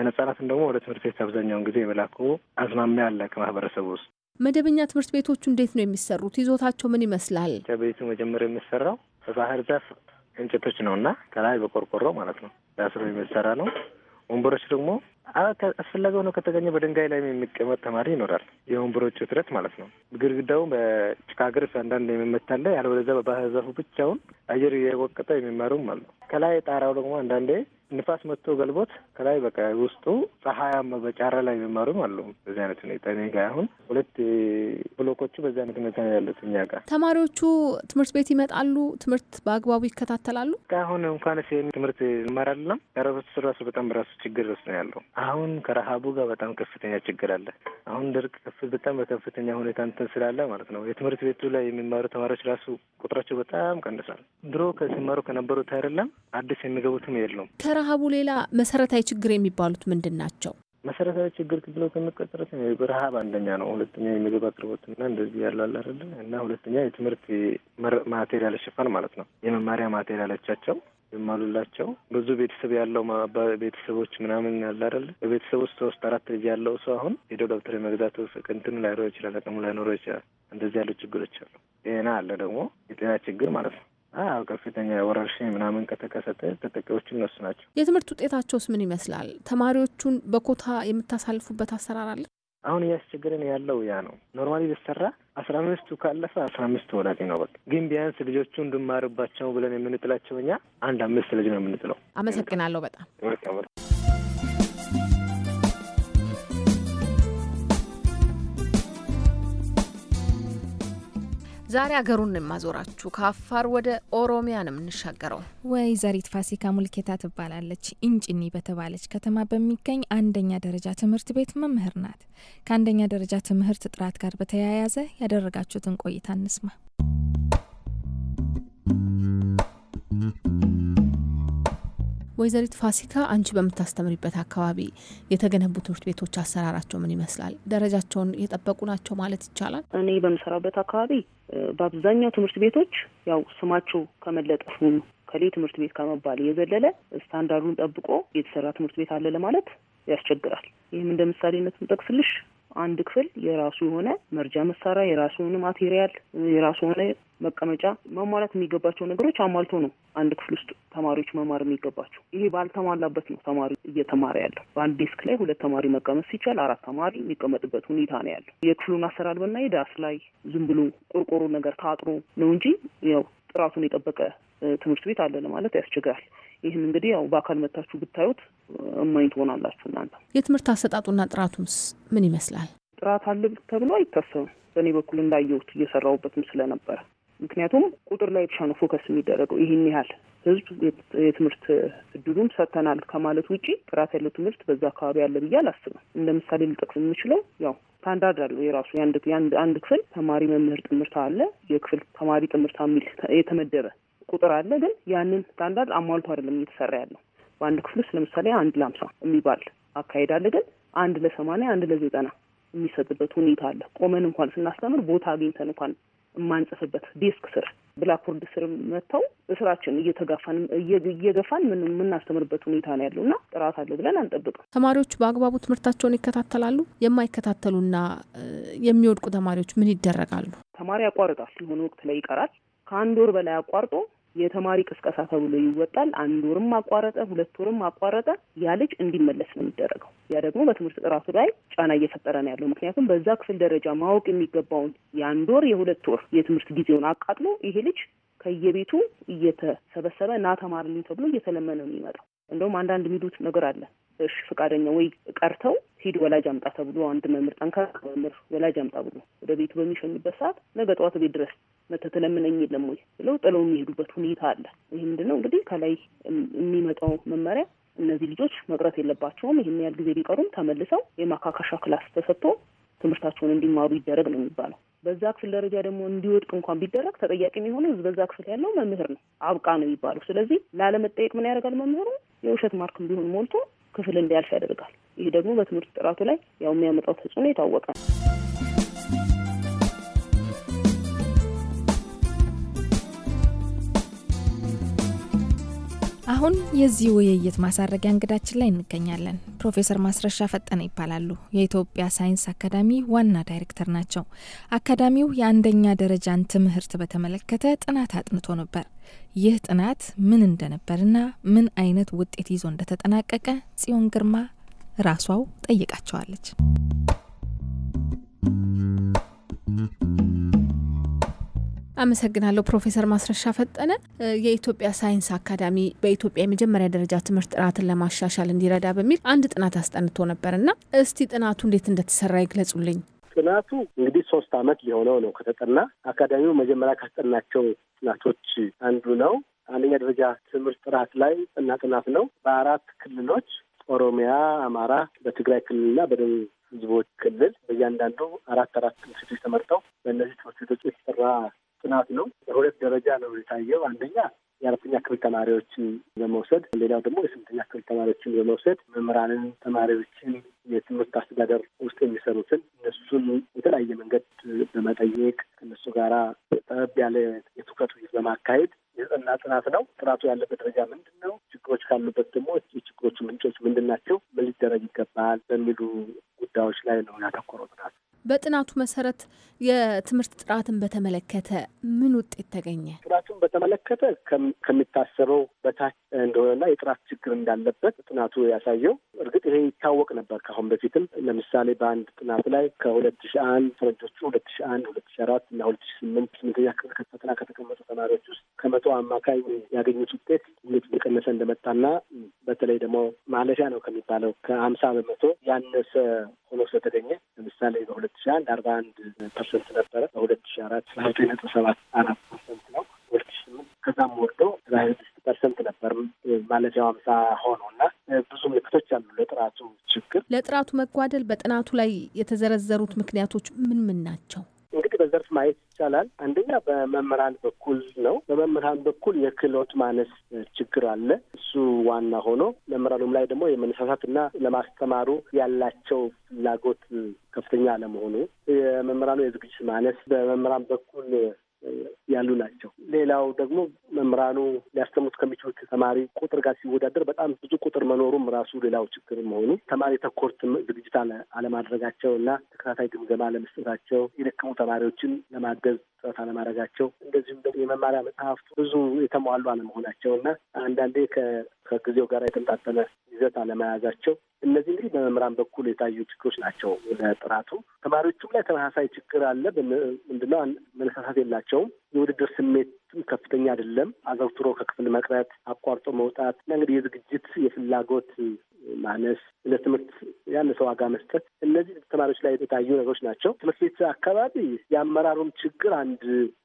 ህጻናትን ደግሞ ወደ ትምህርት ቤት አብዛኛውን ጊዜ የመላኩ አዝማሚያ አለ ከማህበረሰቡ ውስጥ። መደበኛ ትምህርት ቤቶቹ እንዴት ነው የሚሰሩት? ይዞታቸው ምን ይመስላል? ከቤቱ መጀመሪያ የሚሰራው በባህር ዛፍ እንጨቶች ነው እና ከላይ በቆርቆሮ ማለት ነው ዳስሮ የሚሰራ ነው። ወንበሮች ደግሞ አስፈላጊ ሆኖ ከተገኘ በድንጋይ ላይ የሚቀመጥ ተማሪ ይኖራል። የወንበሮች እጥረት ማለት ነው። ግድግዳው በጭቃ ግርፍ አንዳንድ የሚመታለ ያለበለዚያ በባህር ዛፉ ብቻውን አየር እየወቀጠ የሚማሩም አሉ። ከላይ ጣሪያው ደግሞ አንዳንዴ ንፋስ መጥቶ ገልቦት ከላይ በቃ ውስጡ ፀሐያማ በጫራ ላይ የሚማሩም አሉ። በዚህ አይነት ሁኔታ እኔ ጋ አሁን ሁለት ብሎኮቹ በዚህ አይነት ሁኔታ ነው ያሉት። እኛ ጋር ተማሪዎቹ ትምህርት ቤት ይመጣሉ። ትምህርት በአግባቡ ይከታተላሉ። አሁን እንኳን ሲሄን ትምህርት ይማር አይደለም ራሱ በጣም ራሱ ችግር ውስጥ ነው ያለው። አሁን ከረሃቡ ጋር በጣም ከፍተኛ ችግር አለ። አሁን ድርቅ ከፍ በጣም በከፍተኛ ሁኔታ እንትን ስላለ ማለት ነው የትምህርት ቤቱ ላይ የሚማሩ ተማሪዎች ራሱ ቁጥራቸው በጣም ቀንሳል። ድሮ ከሲማሩ ከነበሩት አይደለም አዲስ የሚገቡትም የለውም። ከረሀቡ ሌላ መሰረታዊ ችግር የሚባሉት ምንድን ናቸው? መሰረታዊ ችግር ብለው ከሚቆጠሩት ረሀብ አንደኛ ነው። ሁለተኛ የምግብ አቅርቦትና እንደዚህ ያላል አይደለ እና ሁለተኛ የትምህርት ማቴሪያል ሽፋን ማለት ነው። የመማሪያ ማቴሪያሎቻቸው ይማሉላቸው ብዙ ቤተሰብ ያለው ቤተሰቦች ምናምን ያለ አይደለ በቤተሰብ ውስጥ ሶስት አራት ልጅ ያለው ሰው አሁን ሄዶ ደብተር የመግዛት ቅንትኑ ላይኖረው ይችላል፣ አቅሙ ላይኖረው ይችላል። እንደዚህ ያሉ ችግሮች አሉ። ጤና አለ ደግሞ የጤና ችግር ማለት ነው። አዎ ከፍተኛ ወረርሽኝ ምናምን ከተከሰተ ተጠቂዎች እነሱ ናቸው። የትምህርት ውጤታቸውስ ምን ይመስላል? ተማሪዎቹን በኮታ የምታሳልፉበት አሰራር አለ? አሁን እያስቸገረን ያለው ያ ነው። ኖርማሊ ብሰራ አስራ አምስቱ ካለፈ አስራ አምስት ተወላቂ ነው። በቃ ግን ቢያንስ ልጆቹ እንድማርባቸው ብለን የምንጥላቸው እኛ አንድ አምስት ልጅ ነው የምንጥለው። አመሰግናለሁ በጣም ዛሬ አገሩን የማዞራችሁ ከአፋር ወደ ኦሮሚያ ነው የምንሻገረው። ወይዘሪት ፋሲካ ሙልኬታ ትባላለች። እንጭኒ በተባለች ከተማ በሚገኝ አንደኛ ደረጃ ትምህርት ቤት መምህር ናት። ከአንደኛ ደረጃ ትምህርት ጥራት ጋር በተያያዘ ያደረጋችሁትን ቆይታ እንስማ። ወይዘሪት ፋሲካ አንቺ በምታስተምሪበት አካባቢ የተገነቡ ትምህርት ቤቶች አሰራራቸው ምን ይመስላል? ደረጃቸውን የጠበቁ ናቸው ማለት ይቻላል? እኔ በምሰራበት አካባቢ በአብዛኛው ትምህርት ቤቶች ያው ስማቸው ከመለጠፉ ከሌ ትምህርት ቤት ከመባል የዘለለ ስታንዳርዱን ጠብቆ የተሰራ ትምህርት ቤት አለ ለማለት ያስቸግራል። ይህም እንደ ምሳሌነት ምጠቅስልሽ አንድ ክፍል የራሱ የሆነ መርጃ መሳሪያ፣ የራሱ የሆነ ማቴሪያል፣ የራሱ የሆነ መቀመጫ መሟላት የሚገባቸው ነገሮች አሟልቶ ነው አንድ ክፍል ውስጥ ተማሪዎች መማር የሚገባቸው። ይሄ ባልተሟላበት ነው ተማሪ እየተማረ ያለው። በአንድ ዴስክ ላይ ሁለት ተማሪ መቀመጥ ሲቻል አራት ተማሪ የሚቀመጥበት ሁኔታ ነው ያለው። የክፍሉን አሰራር ብናይ ዳስ ላይ ዝም ብሎ ቆርቆሮ ነገር ታጥሮ ነው እንጂ ያው ጥራቱን የጠበቀ ትምህርት ቤት አለ ለማለት ያስቸግራል። ይህን እንግዲህ ያው በአካል መታችሁ ብታዩት እማኝ ትሆናላችሁ። እናንተ የትምህርት አሰጣጡና ጥራቱስ ምን ይመስላል? ጥራት አለ ተብሎ አይታሰብም። በእኔ በኩል እንዳየሁት እየሰራሁበትም ስለነበረ ምክንያቱም ቁጥር ላይ ብቻ ነው ፎከስ የሚደረገው። ይህን ያህል ህዝብ የትምህርት እድሉን ሰጥተናል ከማለት ውጪ ጥራት ያለው ትምህርት በዛ አካባቢ ያለ ብዬ አላስብም። እንደ ምሳሌ ልጠቅስ የምችለው ያው ስታንዳርድ አለው የራሱ አንድ ክፍል ተማሪ መምህር ጥምርታ አለ የክፍል ተማሪ ጥምርታ የሚል የተመደበ ቁጥር አለ፣ ግን ያንን ስታንዳርድ አሟልቶ አይደለም እየተሰራ ያለው። በአንድ ክፍል ውስጥ ለምሳሌ አንድ ለአምሳ የሚባል አካሄድ አለ፣ ግን አንድ ለሰማንያ አንድ ለዘጠና የሚሰጥበት ሁኔታ አለ። ቆመን እንኳን ስናስተምር ቦታ አግኝተን እንኳን የማንጽፍበት ዴስክ ስር ብላክቦርድ ስር መጥተው እስራችን እየተጋፋን እየገፋን የምናስተምርበት ሁኔታ ነው ያለው እና ጥራት አለ ብለን አንጠብቅም። ተማሪዎቹ በአግባቡ ትምህርታቸውን ይከታተላሉ። የማይከታተሉና የሚወድቁ ተማሪዎች ምን ይደረጋሉ? ተማሪ ያቋርጣል። የሆነ ወቅት ላይ ይቀራል። ከአንድ ወር በላይ አቋርጦ የተማሪ ቅስቀሳ ተብሎ ይወጣል። አንድ ወርም አቋረጠ፣ ሁለት ወርም አቋረጠ፣ ያ ልጅ እንዲመለስ ነው የሚደረገው። ያ ደግሞ በትምህርት ጥራቱ ላይ ጫና እየፈጠረ ነው ያለው። ምክንያቱም በዛ ክፍል ደረጃ ማወቅ የሚገባውን የአንድ ወር የሁለት ወር የትምህርት ጊዜውን አቃጥሎ ይሄ ልጅ ከየቤቱ እየተሰበሰበ ና ተማርልኝ ተብሎ እየተለመነ ነው የሚመጣው። እንደውም አንዳንድ የሚሉት ነገር አለ። እሺ ፈቃደኛ ወይ ቀርተው ሂድ ወላጅ አምጣ ተብሎ አንድ መምህር፣ ጠንካራ መምህር ወላጅ አምጣ ብሎ ወደ ቤቱ በሚሸኙበት ሰዓት ነገ ጠዋት ቤት ድረስ መተህ ትለምነኝ የለም ወይ ብለው ጥለው የሚሄዱበት ሁኔታ አለ። ይህ ምንድን ነው እንግዲህ ከላይ የሚመጣው መመሪያ እነዚህ ልጆች መቅረት የለባቸውም። ይህን ያህል ጊዜ ቢቀሩም ተመልሰው የማካካሻ ክላስ ተሰጥቶ ትምህርታቸውን እንዲማሩ ይደረግ ነው የሚባለው። በዛ ክፍል ደረጃ ደግሞ እንዲወድቅ እንኳን ቢደረግ ተጠያቂ የሚሆነው በዛ ክፍል ያለው መምህር ነው። አብቃ ነው የሚባለው። ስለዚህ ላለመጠየቅ ምን ያደርጋል መምህሩ የውሸት ማርክም ቢሆን ሞልቶ ክፍል እንዲያልፍ ያደርጋል። ይህ ደግሞ በትምህርት ጥራቱ ላይ ያው የሚያመጣው ተጽዕኖ የታወቀ ነው። አሁን የዚህ ውይይት ማሳረጊያ እንግዳችን ላይ እንገኛለን። ፕሮፌሰር ማስረሻ ፈጠነ ይባላሉ። የኢትዮጵያ ሳይንስ አካዳሚ ዋና ዳይሬክተር ናቸው። አካዳሚው የአንደኛ ደረጃን ትምህርት በተመለከተ ጥናት አጥንቶ ነበር። ይህ ጥናት ምን እንደነበርና ምን አይነት ውጤት ይዞ እንደተጠናቀቀ ጽዮን ግርማ ራሷው ጠይቃቸዋለች። አመሰግናለሁ ፕሮፌሰር ማስረሻ ፈጠነ። የኢትዮጵያ ሳይንስ አካዳሚ በኢትዮጵያ የመጀመሪያ ደረጃ ትምህርት ጥራትን ለማሻሻል እንዲረዳ በሚል አንድ ጥናት አስጠንቶ ነበር እና እስቲ ጥናቱ እንዴት እንደተሰራ ይግለጹልኝ። ጥናቱ እንግዲህ ሶስት አመት ሊሆነው ነው ከተጠና። አካዳሚው መጀመሪያ ካስጠናቸው ጥናቶች አንዱ ነው። አንደኛ ደረጃ ትምህርት ጥራት ላይ ጥና ጥናት ነው በአራት ክልሎች ኦሮሚያ፣ አማራ፣ በትግራይ ክልልና በደቡብ ህዝቦች ክልል በእያንዳንዱ አራት አራት ትምህርት ቤቶች ተመርጠው በእነዚህ ትምህርት ቤቶች የተሰራ ጥናት ነው። በሁለት ደረጃ ነው የታየው። አንደኛ የአራተኛ ክፍል ተማሪዎችን በመውሰድ ሌላው ደግሞ የስምንተኛ ክፍል ተማሪዎችን በመውሰድ መምህራንን፣ ተማሪዎችን፣ የትምህርት አስተዳደር ውስጥ የሚሰሩትን እነሱን የተለያየ መንገድ በመጠየቅ ከእነሱ ጋራ ጠብ ያለ የትኩረት ውይይት በማካሄድ የጠና ጥናት ነው። ጥናቱ ያለበት ደረጃ ምንድን ነው? ችግሮች ካሉበት ደግሞ የችግሮቹ ምንጮች ምንድን ናቸው? ምን ሊደረግ ይገባል? በሚሉ ጉዳዮች ላይ ነው ያተኮረው ጥናት። በጥናቱ መሰረት የትምህርት ጥራትን በተመለከተ ምን ውጤት ተገኘ? ጥራቱን በተመለከተ ከሚታሰበው በታች እንደሆነና የጥራት ችግር እንዳለበት ጥናቱ ያሳየው። እርግጥ ይሄ ይታወቅ ነበር ከአሁን በፊትም ለምሳሌ በአንድ ጥናት ላይ ከሁለት ሺ አንድ ፈረንጆቹ ሁለት ሺ አንድ ሁለት ሺ አራት እና ሁለት ሺ ስምንት ስምንተኛ ክፍል ከፈተና ከተቀመጡ ተማሪዎች ውስጥ ከመቶ አማካይ ያገኙት ውጤት እንዴት እየቀነሰ እንደመጣና በተለይ ደግሞ ማለፊያ ነው ከሚባለው ከሀምሳ በመቶ ያነሰ ሆኖ ስለተገኘ ለምሳሌ በሁለት ሺ አንድ አርባ አንድ ፐርሰንት ነበረ። በሁለት ሺ አራት ስራ ዘጠኝ ነጥብ ሰባት አራት ፐርሰንት ነው። ሁለት ሺ ስምንት ከዛም ወርዶ ስራ ስድስት ፐርሰንት ነበር ማለት ያው አምሳ ሆኖ እና ብዙ ምልክቶች አሉ ለጥራቱ ችግር ለጥራቱ መጓደል። በጥናቱ ላይ የተዘረዘሩት ምክንያቶች ምን ምን ናቸው? በዘርፍ ማየት ይቻላል። አንደኛ በመምህራን በኩል ነው። በመምህራን በኩል የክህሎት ማነስ ችግር አለ። እሱ ዋና ሆኖ መምህራኑም ላይ ደግሞ የመነሳሳትና ለማስተማሩ ያላቸው ፍላጎት ከፍተኛ አለመሆኑ፣ የመምህራኑ የዝግጅት ማነስ በመምህራን በኩል ያሉ ናቸው። ሌላው ደግሞ መምህራኑ ሊያስተምሩት ከሚችሉት ተማሪ ቁጥር ጋር ሲወዳደር በጣም ብዙ ቁጥር መኖሩም ራሱ ሌላው ችግር መሆኑ፣ ተማሪ ተኮር ዝግጅት አለማድረጋቸው እና ተከታታይ ግምገማ ለመስጠታቸው የደከሙ ተማሪዎችን ለማገዝ ጥረት አለማድረጋቸው፣ እንደዚሁም ደግሞ የመማሪያ መጽሐፍቱ ብዙ የተሟሉ አለመሆናቸው እና አንዳንዴ ከጊዜው ጋር የተመጣጠነ ይዘት አለመያዛቸው፣ እነዚህ እንግዲህ በመምህራን በኩል የታዩ ችግሮች ናቸው። ለጥራቱ ተማሪዎቹም ላይ ተመሳሳይ ችግር አለ። ምንድነው መነሳሳት የላቸውም። የውድድር ስሜትም ከፍተኛ አይደለም። አዘውትሮ ከክፍል መቅረት፣ አቋርጦ መውጣት እና እንግዲህ የዝግጅት የፍላጎት ማነስ፣ ለትምህርት ያነሰ ዋጋ መስጠት፣ እነዚህ ተማሪዎች ላይ የታዩ ነገሮች ናቸው። ትምህርት ቤት አካባቢ የአመራሩን ችግር አንድ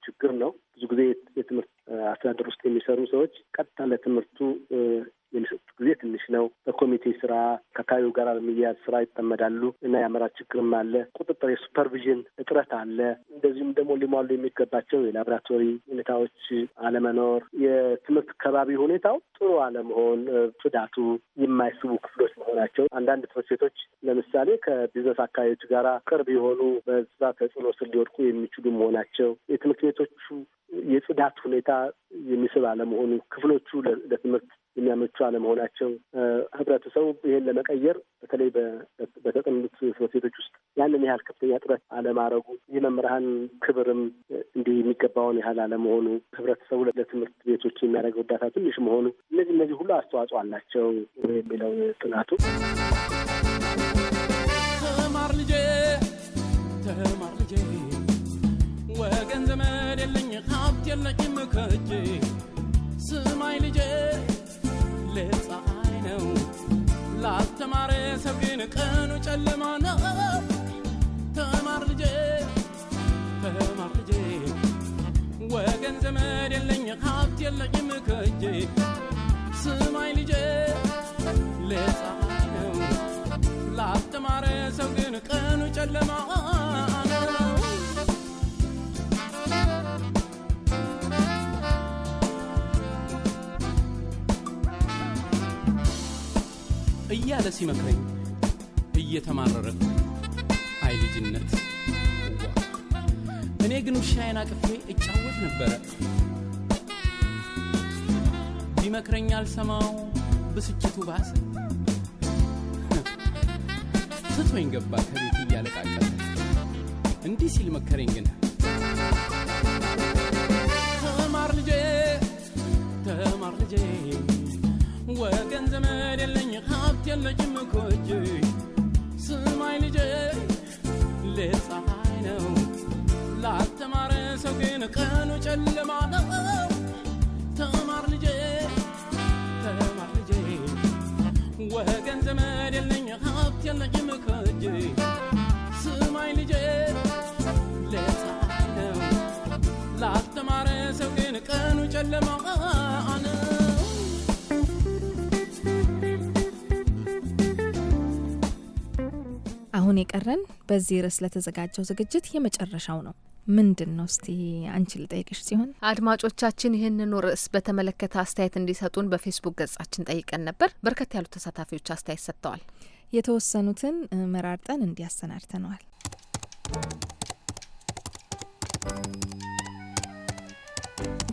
ችግር ነው። ብዙ ጊዜ የትምህርት አስተዳደር ውስጥ የሚሰሩ ሰዎች ቀጥታ ለትምህርቱ የሚሰጡት ጊዜ ትንሽ ነው። በኮሚቴ ስራ ከአካባቢው ጋር በሚያያዝ ስራ ይጠመዳሉ እና የአመራር ችግርም አለ። ቁጥጥር፣ የሱፐርቪዥን እጥረት አለ። እንደዚሁም ደግሞ ሊሟሉ የሚገባቸው የላቦራቶሪ ሁኔታዎች አለመኖር፣ የትምህርት ከባቢ ሁኔታው ጥሩ አለመሆን፣ ጽዳቱ የማይስቡ ክፍሎች መሆናቸው አንዳንድ ትምህርት ቤቶች ለምሳሌ ከቢዝነስ አካባቢዎች ጋር ቅርብ የሆኑ በዛ ተጽዕኖ ስር ሊወድቁ የሚችሉ መሆናቸው የትምህርት ቤቶቹ የጽዳት ሁኔታ የሚስብ አለመሆኑ ክፍሎቹ ለትምህርት የሚያመቹ አለመሆናቸው ህብረተሰቡ ይህን ለመቀየር በተለይ በተጠኑት ትምህርት ቤቶች ውስጥ ያንን ያህል ከፍተኛ ጥረት አለማድረጉ፣ የመምህራን ክብርም እንዲህ የሚገባውን ያህል አለመሆኑ፣ ህብረተሰቡ ለትምህርት ቤቶች የሚያደርገው እርዳታ ትንሽ መሆኑ፣ እነዚህ እነዚህ ሁሉ አስተዋጽኦ አላቸው የሚለው ጥናቱ። ተማር ልጄ ተማር ልጄ ወገን ዘመድ የለኝ ሀብት የለኝም ከእጄ ስማይ ልጄ ለፀሐይ ነው። ላልተማረ ሰው ግን ቀኑ ጨለማ ነው። ተማር ልጄ፣ ተማር ልጄ፣ ወገን ዘመድ የለኝ ሀብት የለኝም ከእጄ። ስማኝ ልጄ፣ ሁሌ ነው። ላልተማረ ሰው ግን ቀኑ ጨለማ እያለ ሲመክረኝ እየተማረረ አይ ልጅነት እኔ ግን ውሻዬን አቅፌ እጫወት ነበረ ቢመክረኝ አልሰማው ብስጭቱ ባሰ ስቶኝ ገባ ከቤት እያለቃቀ እንዲህ ሲል መከረኝ ግን ተማር ልጄ ተማር ልጄ ወገን ዘመድ የለኝ እረፍት የለችም እኮ እጅ ስማይ ልጄ ሌት ነው ላልተማረ ሰው ግን ቀኑ ጨለማ ነው ተማር ልጄ ተማር ልጄ ወገን ዘመድ የለኝ ሀብት የለኝም ከእጅ ስማይ ልጄ ሌት ነው ላልተማረ ሰው ግን ቀኑ ጨለማ ነው አሁን የቀረን በዚህ ርዕስ ለተዘጋጀው ዝግጅት የመጨረሻው ነው። ምንድን ነው እስቲ አንቺ ልጠይቅሽ ሲሆን አድማጮቻችን ይህንኑ ርዕስ በተመለከተ አስተያየት እንዲሰጡን በፌስቡክ ገጻችን ጠይቀን ነበር። በርከት ያሉ ተሳታፊዎች አስተያየት ሰጥተዋል። የተወሰኑትን መራርጠን እንዲያሰናድተነዋል።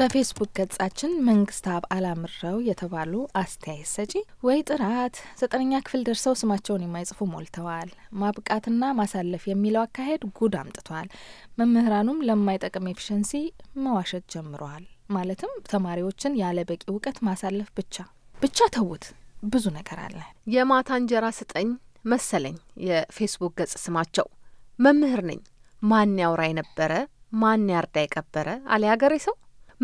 በፌስቡክ ገጻችን መንግስት አብ አላምረው የተባሉ አስተያየት ሰጪ ወይ ጥራት ዘጠነኛ ክፍል ደርሰው ስማቸውን የማይጽፉ ሞልተዋል። ማብቃትና ማሳለፍ የሚለው አካሄድ ጉድ አምጥቷል። መምህራኑም ለማይጠቅም ኤፊሸንሲ መዋሸት ጀምረዋል። ማለትም ተማሪዎችን ያለ በቂ እውቀት ማሳለፍ ብቻ ብቻ ተውት። ብዙ ነገር አለ። የማታ እንጀራ ስጠኝ መሰለኝ የፌስቡክ ገጽ ስማቸው። መምህር ነኝ ማን ያውራ የነበረ ማን ያርዳ የቀበረ አለ ያገሬ ሰው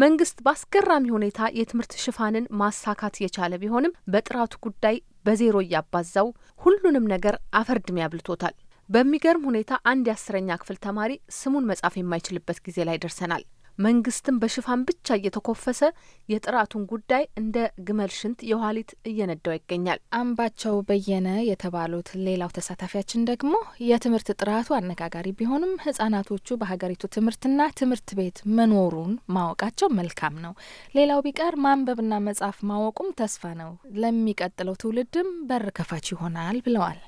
መንግስት በአስገራሚ ሁኔታ የትምህርት ሽፋንን ማሳካት የቻለ ቢሆንም በጥራቱ ጉዳይ በዜሮ እያባዛው ሁሉንም ነገር አፈርድሜ አብልቶታል። በሚገርም ሁኔታ አንድ የአስረኛ ክፍል ተማሪ ስሙን መጻፍ የማይችልበት ጊዜ ላይ ደርሰናል። መንግስትን በሽፋን ብቻ እየተኮፈሰ የጥራቱን ጉዳይ እንደ ግመል ሽንት የኋሊት እየነዳው ይገኛል። አምባቸው በየነ የተባሉት ሌላው ተሳታፊያችን ደግሞ የትምህርት ጥራቱ አነጋጋሪ ቢሆንም ህጻናቶቹ በሀገሪቱ ትምህርትና ትምህርት ቤት መኖሩን ማወቃቸው መልካም ነው። ሌላው ቢቀር ማንበብና መጻፍ ማወቁም ተስፋ ነው። ለሚቀጥለው ትውልድም በር ከፋች ይሆናል ብለዋል።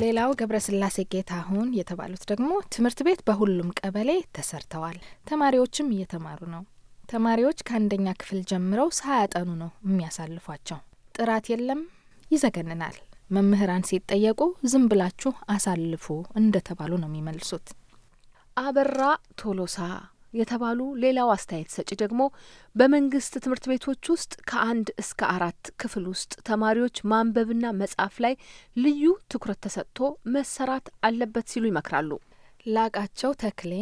ሌላው ገብረስላሴ ጌታሁን የተባሉት ደግሞ ትምህርት ቤት በሁሉም ቀበሌ ተሰርተዋል። ተማሪዎችም እየተማሩ ነው። ተማሪዎች ከአንደኛ ክፍል ጀምረው ሳያጠኑ ነው የሚያሳልፏቸው። ጥራት የለም፣ ይዘገንናል። መምህራን ሲጠየቁ ዝም ብላችሁ አሳልፉ እንደተባሉ ነው የሚመልሱት። አበራ ቶሎሳ የተባሉ ሌላው አስተያየት ሰጪ ደግሞ በመንግስት ትምህርት ቤቶች ውስጥ ከአንድ እስከ አራት ክፍል ውስጥ ተማሪዎች ማንበብና መጻፍ ላይ ልዩ ትኩረት ተሰጥቶ መሰራት አለበት ሲሉ ይመክራሉ። ላቃቸው ተክሌ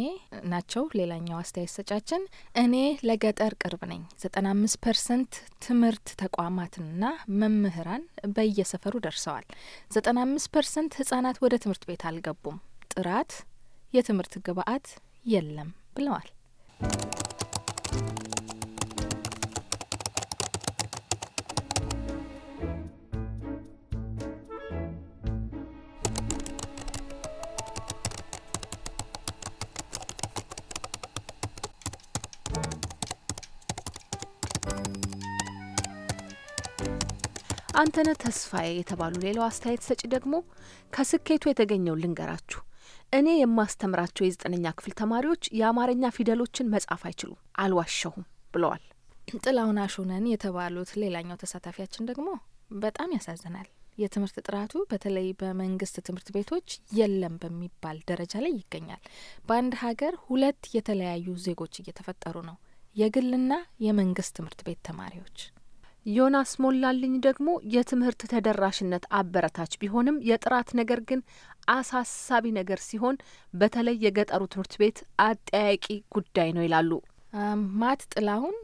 ናቸው። ሌላኛው አስተያየት ሰጫችን እኔ ለገጠር ቅርብ ነኝ። ዘጠና አምስት ፐርሰንት ትምህርት ተቋማትንና መምህራን በየሰፈሩ ደርሰዋል። ዘጠና አምስት ፐርሰንት ህጻናት ወደ ትምህርት ቤት አልገቡም። ጥራት የትምህርት ግብአት የለም ብለዋል። አንተነህ ተስፋዬ የተባሉ ሌላው አስተያየት ሰጪ ደግሞ ከስኬቱ የተገኘው ልንገራችሁ እኔ የማስተምራቸው የዘጠነኛ ክፍል ተማሪዎች የአማርኛ ፊደሎችን መጻፍ አይችሉም፣ አልዋሸሁም ብለዋል። ጥላውን አሹነን የተባሉት ሌላኛው ተሳታፊያችን ደግሞ በጣም ያሳዝናል። የትምህርት ጥራቱ በተለይ በመንግስት ትምህርት ቤቶች የለም በሚባል ደረጃ ላይ ይገኛል። በአንድ ሀገር ሁለት የተለያዩ ዜጎች እየተፈጠሩ ነው፣ የግልና የመንግስት ትምህርት ቤት ተማሪዎች ዮናስ ሞላልኝ ደግሞ የትምህርት ተደራሽነት አበረታች ቢሆንም የጥራት ነገር ግን አሳሳቢ ነገር ሲሆን በተለይ የገጠሩ ትምህርት ቤት አጠያቂ ጉዳይ ነው ይላሉ። ማት ጥላሁን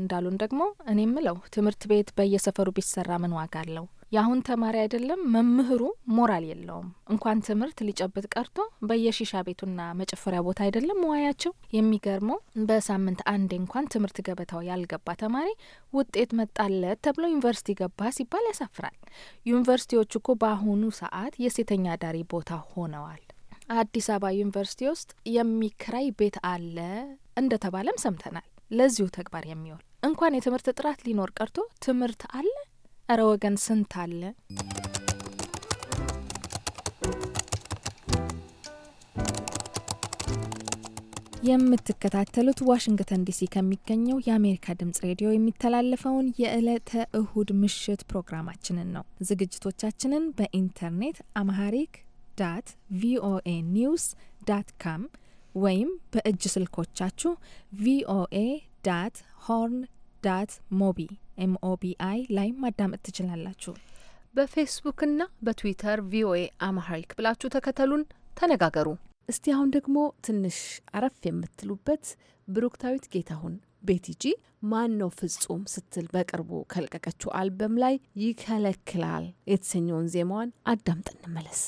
እንዳሉን ደግሞ እኔ ምለው ትምህርት ቤት በየሰፈሩ ቢሰራ ምን ዋጋ አለው? የአሁን ተማሪ አይደለም መምህሩ ሞራል የለውም። እንኳን ትምህርት ሊጨብጥ ቀርቶ በየሺሻ ቤቱና መጨፈሪያ ቦታ አይደለም መዋያቸው። የሚገርመው በሳምንት አንዴ እንኳን ትምህርት ገበታው ያልገባ ተማሪ ውጤት መጣለት ተብሎ ዩኒቨርሲቲ ገባ ሲባል ያሳፍራል። ዩኒቨርሲቲዎች እኮ በአሁኑ ሰዓት የሴተኛ አዳሪ ቦታ ሆነዋል። አዲስ አበባ ዩኒቨርሲቲ ውስጥ የሚከራይ ቤት አለ እንደተባለም ሰምተናል። ለዚሁ ተግባር የሚውል እንኳን የትምህርት ጥራት ሊኖር ቀርቶ ትምህርት አለ እረ ወገን ስንት አለ? የምትከታተሉት ዋሽንግተን ዲሲ ከሚገኘው የአሜሪካ ድምጽ ሬዲዮ የሚተላለፈውን የዕለተ እሁድ ምሽት ፕሮግራማችንን ነው። ዝግጅቶቻችንን በኢንተርኔት አምሃሪክ ዳት ቪኦኤ ኒውስ ዳት ካም ወይም በእጅ ስልኮቻችሁ ቪኦኤ ዳት ሆርን ዳት ሞቢ ኤምኦቢአይ ላይ ማዳመጥ ትችላላችሁ። በፌስቡክና በትዊተር ቪኦኤ አማሐሪክ ብላችሁ ተከተሉን፣ ተነጋገሩ። እስቲ አሁን ደግሞ ትንሽ አረፍ የምትሉበት ብሩክታዊት ጌታሁን ቤቲጂ ማን ነው ፍጹም ስትል በቅርቡ ከለቀቀችው አልበም ላይ ይከለክላል የተሰኘውን ዜማዋን አዳምጠን እንመለስ።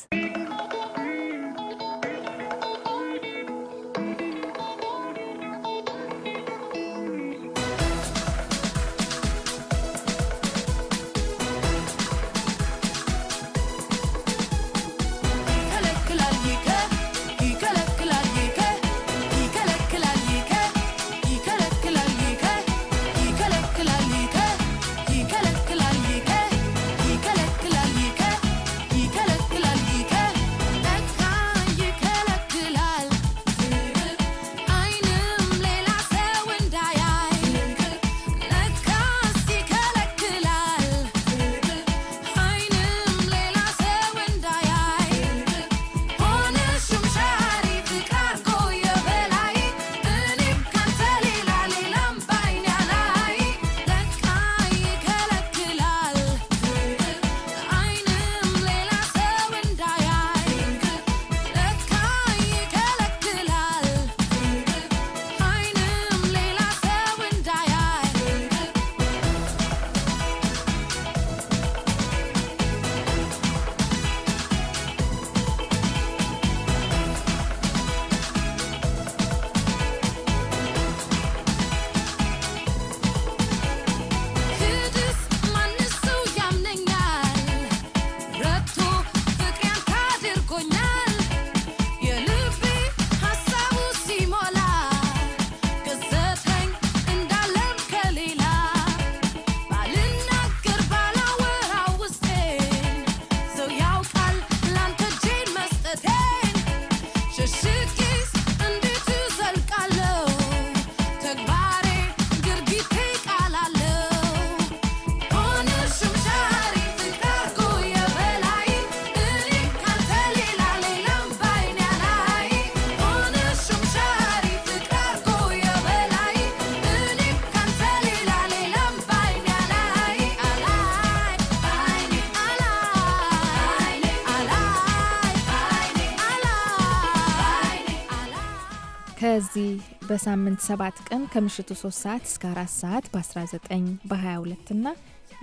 በሳምንት 7 ቀን ከምሽቱ 3 ሰዓት እስከ 4 ሰዓት በ19 በ22 እና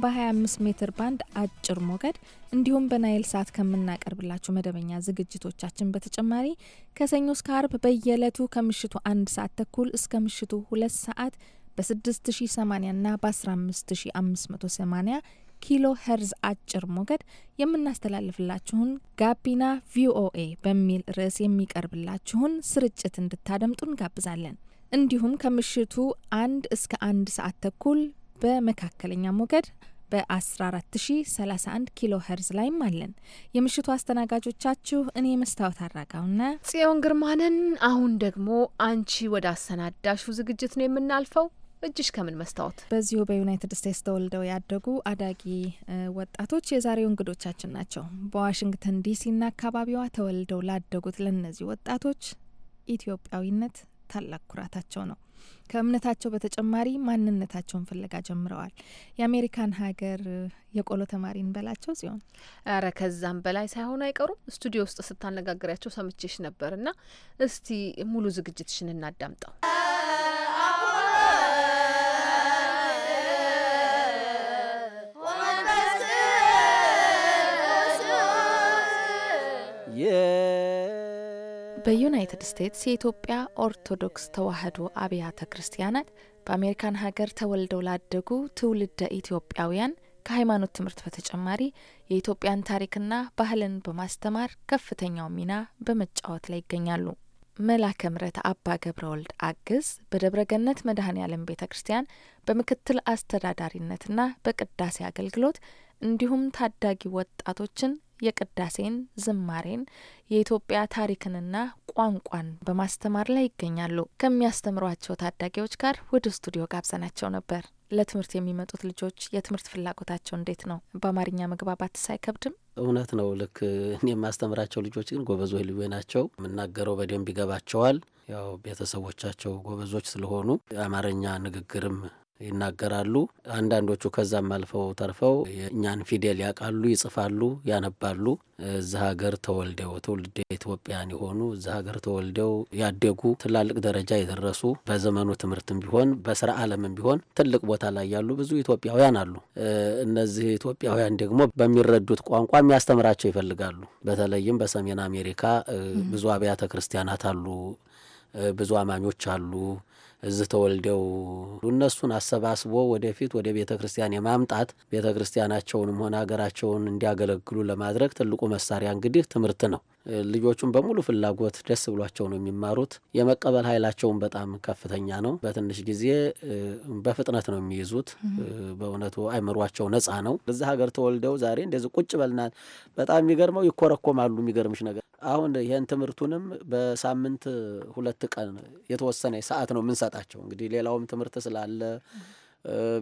በ25 ሜትር ባንድ አጭር ሞገድ እንዲሁም በናይል ሳት ከምናቀርብላችሁ መደበኛ ዝግጅቶቻችን በተጨማሪ ከሰኞ እስከ አርብ በየዕለቱ ከምሽቱ አንድ ሰዓት ተኩል እስከ ምሽቱ ሁለት ሰዓት በ6080 እና በ15580 ኪሎ ሄርዝ አጭር ሞገድ የምናስተላልፍላችሁን ጋቢና ቪኦኤ በሚል ርዕስ የሚቀርብላችሁን ስርጭት እንድታደምጡ እንጋብዛለን። እንዲሁም ከምሽቱ አንድ እስከ አንድ ሰዓት ተኩል በመካከለኛ ሞገድ በ14031 ኪሎ ሄርዝ ላይም አለን። የምሽቱ አስተናጋጆቻችሁ እኔ መስታወት አራጋውና ጽዮን ግርማንን። አሁን ደግሞ አንቺ ወደ አሰናዳሹ ዝግጅት ነው የምናልፈው። እጅሽ ከምን መስታወት በዚሁ በዩናይትድ ስቴትስ ተወልደው ያደጉ አዳጊ ወጣቶች የዛሬው እንግዶቻችን ናቸው። በዋሽንግተን ዲሲና አካባቢዋ ተወልደው ላደጉት ለእነዚህ ወጣቶች ኢትዮጵያዊነት ታላቅ ኩራታቸው ነው። ከእምነታቸው በተጨማሪ ማንነታቸውን ፍለጋ ጀምረዋል። የአሜሪካን ሀገር የቆሎ ተማሪን በላቸው ሲሆን ኧረ ከዛም በላይ ሳይሆን አይቀሩም። ስቱዲዮ ውስጥ ስታነጋግሪያቸው ሰምቼሽ ነበር እና እስቲ ሙሉ ዝግጅትሽን እናዳምጠው። በዩናይትድ ስቴትስ የኢትዮጵያ ኦርቶዶክስ ተዋሕዶ አብያተ ክርስቲያናት በአሜሪካን ሀገር ተወልደው ላደጉ ትውልደ ኢትዮጵያውያን ከሃይማኖት ትምህርት በተጨማሪ የኢትዮጵያን ታሪክና ባህልን በማስተማር ከፍተኛው ሚና በመጫወት ላይ ይገኛሉ። መላከ ምረት አባ ገብረ ወልድ አግዝ በደብረገነት መድኃኔ ዓለም ቤተ ክርስቲያን በምክትል አስተዳዳሪነትና በቅዳሴ አገልግሎት እንዲሁም ታዳጊ ወጣቶችን የቅዳሴን፣ ዝማሬን፣ የኢትዮጵያ ታሪክንና ቋንቋን በማስተማር ላይ ይገኛሉ። ከሚያስተምሯቸው ታዳጊዎች ጋር ወደ ስቱዲዮ ጋብዘናቸው ነበር። ለትምህርት የሚመጡት ልጆች የትምህርት ፍላጎታቸው እንዴት ነው? በአማርኛ መግባባት ሳይከብድም እውነት ነው። ልክ እኔ የማስተምራቸው ልጆች ግን ጎበዞች ልዩ ናቸው። የምናገረው በደንብ ይገባቸዋል። ያው ቤተሰቦቻቸው ጎበዞች ስለሆኑ የአማርኛ ንግግርም ይናገራሉ። አንዳንዶቹ ከዛም አልፈው ተርፈው የእኛን ፊደል ያውቃሉ፣ ይጽፋሉ፣ ያነባሉ። እዚ ሀገር ተወልደው ትውልደ ኢትዮጵያን የሆኑ እዚ ሀገር ተወልደው ያደጉ ትላልቅ ደረጃ የደረሱ በዘመኑ ትምህርትም ቢሆን በስራ ዓለምም ቢሆን ትልቅ ቦታ ላይ ያሉ ብዙ ኢትዮጵያውያን አሉ። እነዚህ ኢትዮጵያውያን ደግሞ በሚረዱት ቋንቋ የሚያስተምራቸው ይፈልጋሉ። በተለይም በሰሜን አሜሪካ ብዙ አብያተ ክርስቲያናት አሉ፣ ብዙ አማኞች አሉ። እዚህ ተወልደው እነሱን አሰባስቦ ወደፊት ወደ ቤተ ክርስቲያን የማምጣት ቤተ ክርስቲያናቸውንም ሆነ ሀገራቸውን እንዲያገለግሉ ለማድረግ ትልቁ መሳሪያ እንግዲህ ትምህርት ነው። ልጆቹም በሙሉ ፍላጎት ደስ ብሏቸው ነው የሚማሩት። የመቀበል ኃይላቸውን በጣም ከፍተኛ ነው። በትንሽ ጊዜ በፍጥነት ነው የሚይዙት። በእውነቱ አይምሯቸው ነፃ ነው። እዚ ሀገር ተወልደው ዛሬ እንደዚህ ቁጭ በልናል። በጣም የሚገርመው ይኮረኮማሉ። የሚገርምሽ ነገር አሁን ይህን ትምህርቱንም በሳምንት ሁለት ቀን የተወሰነ ሰዓት ነው የምንሰጣቸው። እንግዲህ ሌላውም ትምህርት ስላለ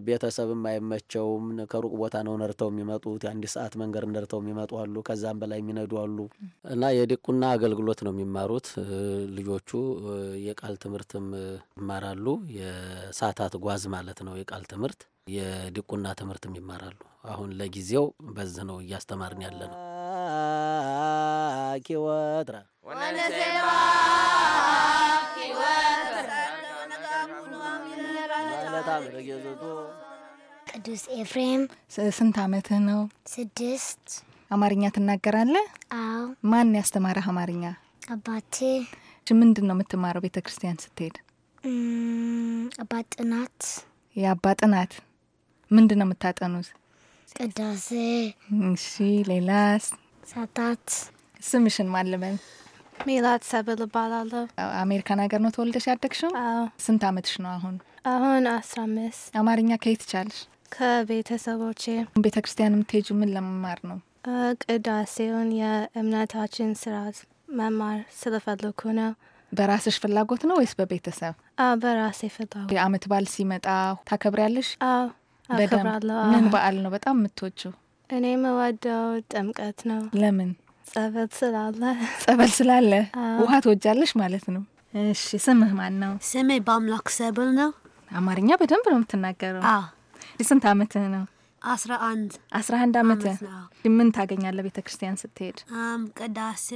ቤተሰብም አይመቸውም። ከሩቅ ቦታ ነው ነርተው የሚመጡት። የአንድ ሰዓት መንገድ ነርተው የሚመጡ አሉ፣ ከዛም በላይ የሚነዱ አሉ እና የዲቁና አገልግሎት ነው የሚማሩት ልጆቹ። የቃል ትምህርትም ይማራሉ። የሳታት ጓዝ ማለት ነው የቃል ትምህርት፣ የዲቁና ትምህርትም ይማራሉ። አሁን ለጊዜው በዝ ነው እያስተማርን ያለ ነው። ኪወትራ ቅዱስ ኤፍሬም። ስንት አመትህ ነው? ስድስት። አማርኛ ትናገራለህ? አዎ። ማን ያስተማረህ አማርኛ? አባቴ። ምንድን ነው የምትማረው ቤተ ክርስቲያን ስትሄድ? አባ ጥናት። የአባ ጥናት ምንድን ነው የምታጠኑት? ቅዳሴ። እሺ፣ ሌላስ? ሰዓታት። ስምሽን ማን ሜላት ሰብል እባላለሁ። አሜሪካን ሀገር ነው ተወልደሽ ያደግሽው? ስንት አመትሽ ነው አሁን? አሁን አስራ አምስት አማርኛ ከየት ቻለሽ? ከቤተሰቦቼ። ቤተ ክርስቲያን የምትሄጁ ምን ለመማር ነው? ቅዳሴውን የእምነታችን ስርዓት መማር ስለፈለኩ ነው። በራስሽ ፍላጎት ነው ወይስ በቤተሰብ? በራሴ ፍላጎት። የአመት በዓል ሲመጣ ታከብሪያለሽ? ምን በዓል ነው በጣም የምትወጂው? እኔ የምወደው ጥምቀት ነው። ለምን? ጸበል ስላለ። ጸበል ስላለ ውሃ ትወጃለሽ ማለት ነው። እሺ፣ ስምህ ማን ነው? ስሜ በአምላክ ሰብል ነው። አማርኛ በደንብ ነው የምትናገረው? ስንት አመት ነው? አስራ አንድ አስራ አንድ ምን ታገኛለህ ቤተ ክርስቲያን ስትሄድ? ቅዳሴ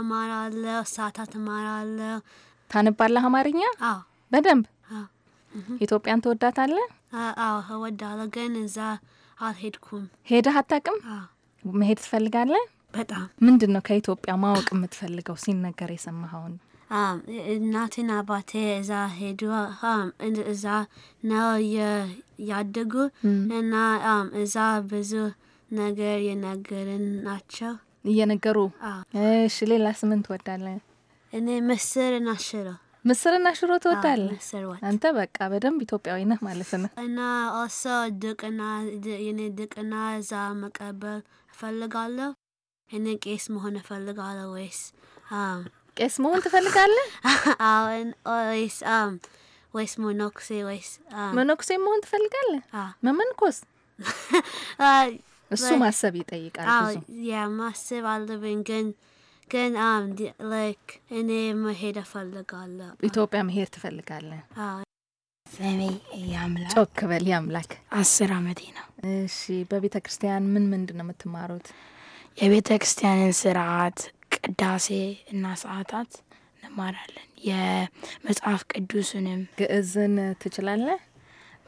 እማራለሁ፣ ሳታ ትማራለሁ። ታነባለህ አማርኛ? በደንብ ኢትዮጵያን ትወዳታለህ? አዎ እወዳለሁ፣ ግን እዛ አልሄድኩም። ሄደህ አታውቅም? መሄድ ትፈልጋለህ? በጣም ምንድን ነው ከኢትዮጵያ ማወቅ የምትፈልገው ሲነገር የሰማኸውን? እናቴን አባቴ እዛ ሄዱ። እዛ ነው ያደጉ እና እዛ ብዙ ነገር የነገርን ናቸው እየነገሩ። እሺ፣ ሌላ ስምን ትወዳለ እኔ ምስር እና ሽሮ ምስርና ሽሮ አንተ በቃ በደንብ ኢትዮጵያዊ ነህ ማለት ነው። እና ኦሶ ድቅና የኔ ድቅና እዛ መቀበል እፈልጋለሁ። እኔ ቄስ መሆን እፈልጋለሁ ወይስ ቄስ መሆን ትፈልጋለህ? አዎን። ወይስ ወይስ መነኩሴ ወይስ መነኩሴ መሆን ትፈልጋለህ? መመንኮስ እሱ ማሰብ ይጠይቃል። ያ ማሰብ አለብኝ ግን ግን ልክ እኔ መሄድ እፈልጋለሁ። ኢትዮጵያ መሄድ ትፈልጋለህ? ስሜ ያምላክ ጮክ በል ያምላክ። አስር አመቴ ነው። እሺ፣ በቤተ ክርስቲያን ምን ምንድን ነው የምትማሩት? የቤተ ክርስቲያንን ስርዓት ቅዳሴ እና ሰዓታት እንማራለን። የመጽሐፍ ቅዱስንም ግዕዝን ትችላለህ?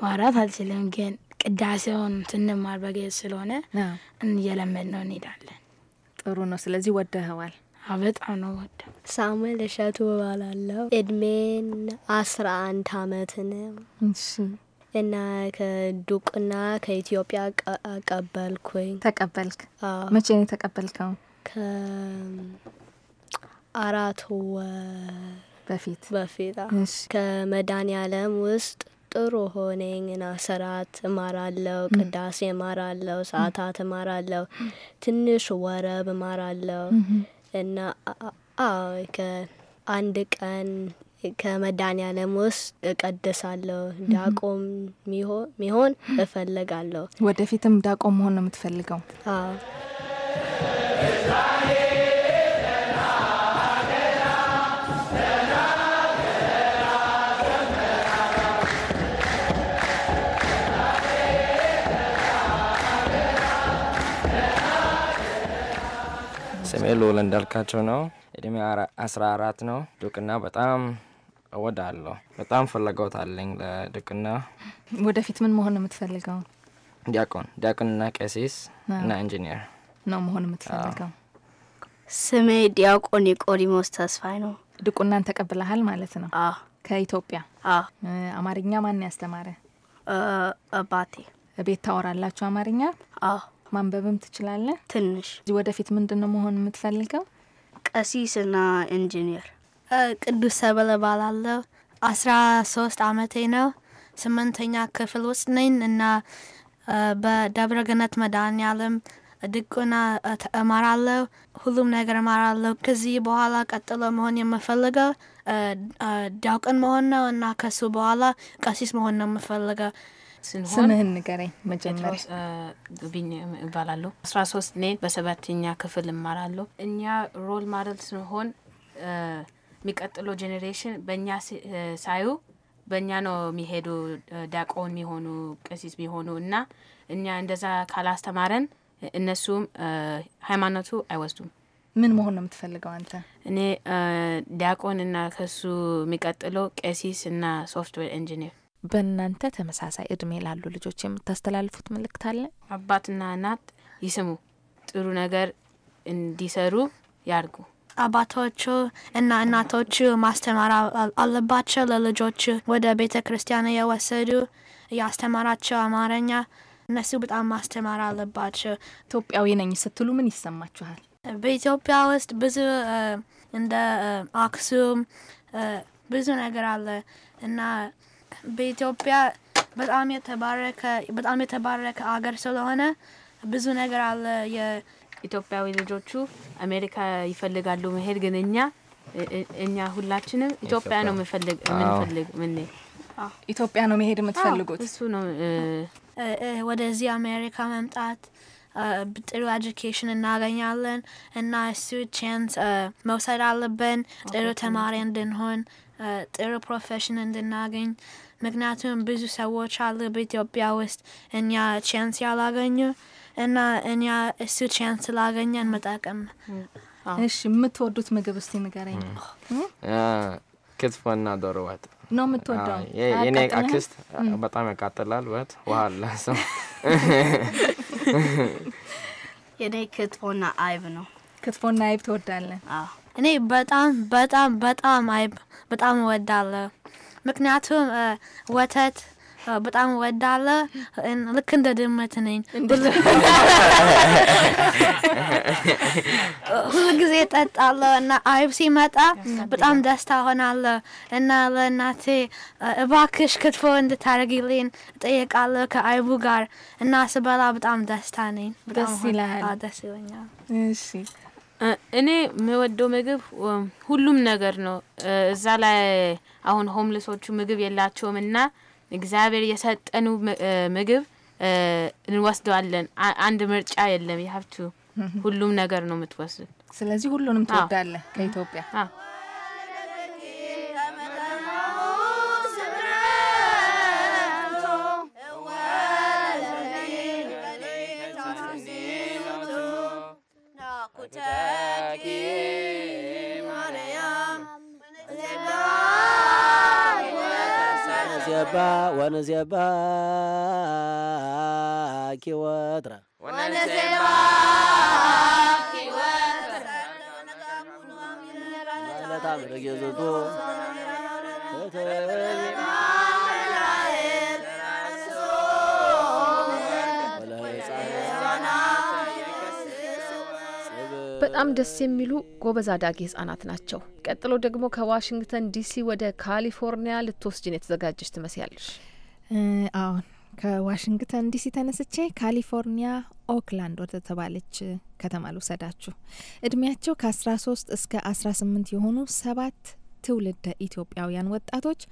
ማራት አልችልም፣ ግን ቅዳሴውን ስንማር በግዕዝ ስለሆነ ነው እንሄዳለን። ጥሩ ነው። ስለዚህ ወደኸዋል? በጣም ነው ወደ ሳሙኤል እሸቱ እባላለሁ። እድሜን አስራ አንድ አመት ነው እና ከዱቅና ከኢትዮጵያ አቀበልኩኝ። ተቀበልክ? መቼ ነው የተቀበልከው? ከአራት ወር በፊት በፊት ከመድኃኔ ዓለም ውስጥ ጥሩ ሆነኝና ስርዓት እማራለው፣ ቅዳሴ እማራለው፣ ሰዓታት እማራለው፣ ትንሽ ወረብ እማራለው እና ከአንድ ቀን ከመድኃኔ ዓለም ውስጥ እቀድሳለሁ። ዳቆም ሚሆን እፈልጋለሁ። ወደፊትም ዳቆም መሆን ነው የምትፈልገው? አዎ። ስሜ ሉል እንዳልካቸው ነው። እድሜ አስራ አራት ነው። ድቁና በጣም እወዳለሁ። በጣም ፍላጎት አለኝ ለድቁና። ወደፊት ምን መሆን ነው የምትፈልገው? ዲያቆን፣ ዲያቆንና ቀሲስ እና ኢንጂኒየር ነው መሆን የምትፈልገው? ስሜ ዲያቆን የቆዲሞስ ተስፋይ ነው። ድቁናን ተቀብለሃል ማለት ነው? ከኢትዮጵያ አማርኛ ማን ያስተማረ? አባቴ። ቤት ታወራላችሁ አማርኛ? ማንበብም ትችላለ? ትንሽ። ወደፊት ምንድን ነው መሆን የምትፈልገው? ቀሲስና ኢንጂኒየር። ቅዱስ ሰበለ ባላለው አስራ ሶስት አመቴ ነው። ስምንተኛ ክፍል ውስጥ ነኝ እና በደብረ ገነት መድኃኔዓለም ድቁና እማራለሁ። ሁሉም ነገር እማራለሁ። ከዚህ በኋላ ቀጥሎ መሆን የምፈልገው ዲያቆን መሆን ነው እና ከሱ በኋላ ቀሲስ መሆን ነው የምፈልገው። ስምህን ንገረኝ መጀመሪያ። ቢኒያም ይባላሉ። አስራ ሶስት ኔ በሰባተኛ ክፍል እማራለሁ። እኛ ሮል ማደል ስንሆን የሚቀጥለው ጄኔሬሽን በእኛ ሳዩ በእኛ ነው የሚሄዱ ዲያቆን የሚሆኑ ቀሲስ የሚሆኑ እና እኛ እንደዛ ካላስተማረን እነሱም ሃይማኖቱ አይወስዱም። ምን መሆን ነው የምትፈልገው አንተ? እኔ ዲያቆን እና ከሱ የሚቀጥለው ቄሲስ እና ሶፍትዌር ኢንጂኒር። በእናንተ ተመሳሳይ እድሜ ላሉ ልጆች የምታስተላልፉት ምልክት አለ? አባትና እናት ይስሙ፣ ጥሩ ነገር እንዲሰሩ ያርጉ። አባቶቹ እና እናቶቹ ማስተማር አለባቸው። ለልጆች ወደ ቤተ ክርስቲያን የወሰዱ ያስተማራቸው አማርኛ እነሱ በጣም ማስተማር አለባቸው። ኢትዮጵያዊ ነኝ ስትሉ ምን ይሰማችኋል? በኢትዮጵያ ውስጥ ብዙ እንደ አክሱም ብዙ ነገር አለ እና በኢትዮጵያ በጣም የተባረከ በጣም የተባረከ አገር ስለሆነ ብዙ ነገር አለ። የኢትዮጵያዊ ልጆቹ አሜሪካ ይፈልጋሉ መሄድ፣ ግን እኛ እኛ ሁላችንም ኢትዮጵያ ነው ምንፈልግ ምን ኢትዮጵያ ነው መሄድ የምትፈልጉት እሱ ነው ወደዚህ አሜሪካ መምጣት ጥሩ ኤጁኬሽን እናገኛለን እና እሱ ቻንስ መውሰድ አለብን። ጥሩ ተማሪ እንድንሆን፣ ጥሩ ፕሮፌሽን እንድናገኝ። ምክንያቱም ብዙ ሰዎች አሉ በኢትዮጵያ ውስጥ እኛ ቻንስ ያላገኙ እና እኛ እሱ ቻንስ ላገኘን መጠቀም። እሺ፣ የምትወዱት ምግብ እስቲ ንገረኝ። ክትፎና ዶሮ ወጥ ነው የምትወደው? የኔ አክስት በጣም ያቃጥላል። ወት ውሃ ሰው የኔ ክትፎና አይብ ነው። ክትፎና አይብ ትወዳለህ? እኔ በጣም በጣም በጣም አይብ በጣም እወዳለሁ። ምክንያቱም ወተት በጣም ወዳለ ልክ እንደ ድመት ነኝ። ሁሉ ጊዜ ጠጣለ እና አይብ ሲመጣ በጣም ደስታ ሆናለ እና ለእናቴ እባክሽ ክትፎ እንድታደርጊልኝ እጠየቃለ ከአይቡ ጋር እና ስበላ በጣም ደስታ ነኝ። ደስ ይላል። ደስ ይለኛል። እኔ የምወደው ምግብ ሁሉም ነገር ነው። እዛ ላይ አሁን ሆምልሶቹ ምግብ የላቸውም እና እግዚአብሔር የሰጠኑ ምግብ እንወስደዋለን። አንድ ምርጫ የለም። የሀብቱ ሁሉም ነገር ነው የምትወስድ። ስለዚህ ሁሉንም ትወዳለህ ከኢትዮጵያ Thank you. ዜባ ወነዜባ ኪወትራ ወነዜባ ኪወትራ በጣም ደስ የሚሉ ጎበዝ አዳጊ ህጻናት ናቸው። ቀጥሎ ደግሞ ከዋሽንግተን ዲሲ ወደ ካሊፎርኒያ ልትወስጅን የተዘጋጀች ትመስያለሽ። አዎን፣ ከዋሽንግተን ዲሲ ተነስቼ ካሊፎርኒያ ኦክላንድ ወደ ተባለች ከተማ ልውሰዳችሁ። እድሜያቸው ከ13 እስከ 18 የሆኑ ሰባት ትውልደ ኢትዮጵያውያን ወጣቶች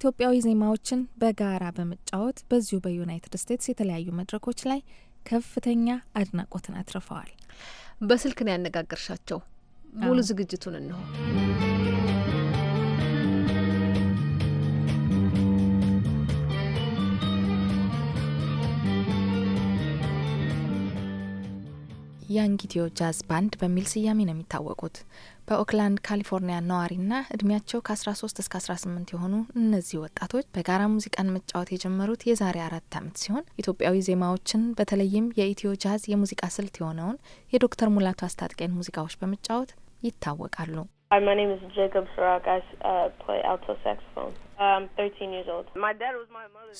ኢትዮጵያዊ ዜማዎችን በጋራ በመጫወት በዚሁ በዩናይትድ ስቴትስ የተለያዩ መድረኮች ላይ ከፍተኛ አድናቆትን አትርፈዋል። በስልክ ነው ያነጋገርሻቸው። ሙሉ ዝግጅቱን እንሆ የእንጊዲዮ ጃዝ ባንድ በሚል ስያሜ ነው የሚታወቁት። በኦክላንድ ካሊፎርኒያ ነዋሪና እድሜያቸው ከ13 እስከ 18 የሆኑ እነዚህ ወጣቶች በጋራ ሙዚቃን መጫወት የጀመሩት የዛሬ አራት ዓመት ሲሆን ኢትዮጵያዊ ዜማዎችን በተለይም የኢትዮ ጃዝ የሙዚቃ ስልት የሆነውን የዶክተር ሙላቱ አስታጥቄን ሙዚቃዎች በመጫወት ይታወቃሉ። Hi, my name is Jacob Sorak. I uh, play alto saxophone.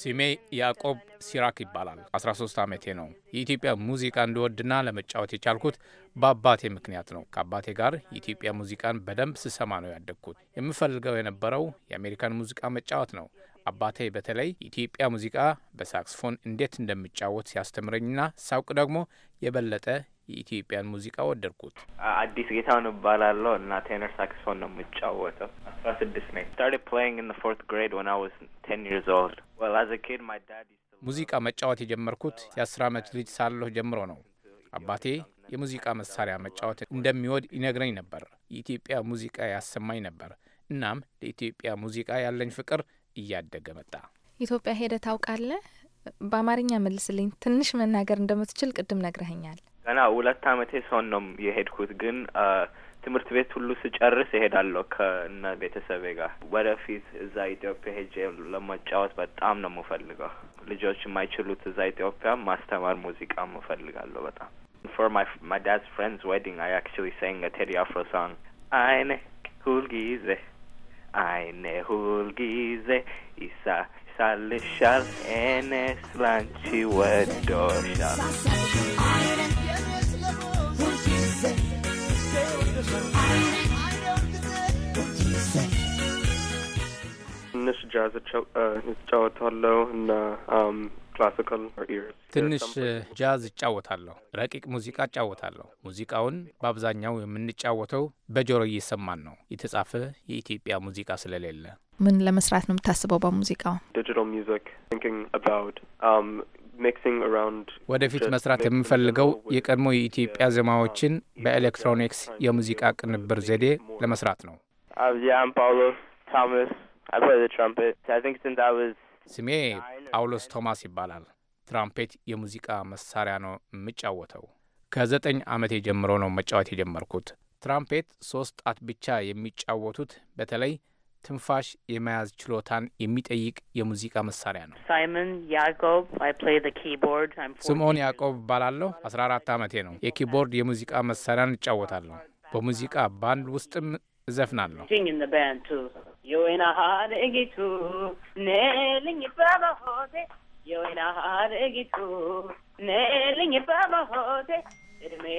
ስሜ ያዕቆብ ሲራክ ይባላል። 13 ዓመቴ ነው። የኢትዮጵያ ሙዚቃ እንድወድና ለመጫወት የቻልኩት በአባቴ ምክንያት ነው። ከአባቴ ጋር የኢትዮጵያ ሙዚቃን በደንብ ስሰማ ነው ያደግኩት። የምፈልገው የነበረው የአሜሪካን ሙዚቃ መጫወት ነው። አባቴ በተለይ የኢትዮጵያ ሙዚቃ በሳክስፎን እንዴት እንደሚጫወት ሲያስተምረኝና ሳውቅ ደግሞ የበለጠ የኢትዮጵያን ሙዚቃ ወደድኩት። አዲስ ጌታውን እባላለሁ እና ቴነር ሳክስፎን ነው የምጫወተው። አስራ ስድስት ነኝ። ስታርትድ ፕሌይንግ ኢን ፎርት ግሬድ ወን አይ ዋዝ ቴን ይርስ ኦልድ ዌል አዝ አ ኪድ ማይ ዳድ ሙዚቃ መጫወት የጀመርኩት የአስር ዓመት ልጅ ሳለሁ ጀምሮ ነው። አባቴ የሙዚቃ መሳሪያ መጫወት እንደሚወድ ይነግረኝ ነበር። የኢትዮጵያ ሙዚቃ ያሰማኝ ነበር። እናም ለኢትዮጵያ ሙዚቃ ያለኝ ፍቅር እያደገ መጣ። ኢትዮጵያ ሄደ ታውቃለህ? በአማርኛ መልስልኝ። ትንሽ መናገር እንደምትችል ቅድም ነግረኸኛል። ገና ሁለት አመቴ ሲሆን ነው የሄድኩት። ግን ትምህርት ቤት ሁሉ ስጨርስ እሄዳለሁ ከእነ ቤተሰቤ ጋር። ወደፊት እዛ ኢትዮጵያ ሄጄ ለመጫወት በጣም ነው የምፈልገው። ልጆች የማይችሉት እዛ ኢትዮጵያ ማስተማር ሙዚቃ እፈልጋለሁ በጣም። For my my dad's friend's wedding, I actually sang a Teddy Afro song. አይኔ ሁልጊዜ አይኔ ሁልጊዜ ይሳ ይሳልሻል እኔ ስላንቺ ወዶሻል ትንሽ ጃዝ እጫወታለሁ እና ክላሲካል ትንሽ ጃዝ እጫወታለሁ፣ ረቂቅ ሙዚቃ እጫወታለሁ። ሙዚቃውን በአብዛኛው የምንጫወተው በጆሮ እየሰማን ነው፣ የተጻፈ የኢትዮጵያ ሙዚቃ ስለሌለ። ምን ለመስራት ነው የምታስበው በሙዚቃው? ዲጂታል ወደፊት መስራት የምንፈልገው የቀድሞ የኢትዮጵያ uh, ዜማዎችን በኤሌክትሮኒክስ uh, የሙዚቃ ቅንብር ዘዴ ለመስራት ነው። uh, ስሜ ጳውሎስ ቶማስ ይባላል። ትራምፔት የሙዚቃ መሳሪያ ነው የምጫወተው። ከዘጠኝ ዓመቴ ጀምሮ ነው መጫወት የጀመርኩት። ትራምፔት ሶስት ጣት ብቻ የሚጫወቱት በተለይ ትንፋሽ የመያዝ ችሎታን የሚጠይቅ የሙዚቃ መሳሪያ ነው። ስምዖን ያዕቆብ እባላለሁ። አስራ አራት ዓመቴ ነው። የኪቦርድ የሙዚቃ መሳሪያን እጫወታለሁ። በሙዚቃ ባንድ ውስጥም እዘፍናለሁ። እድሜ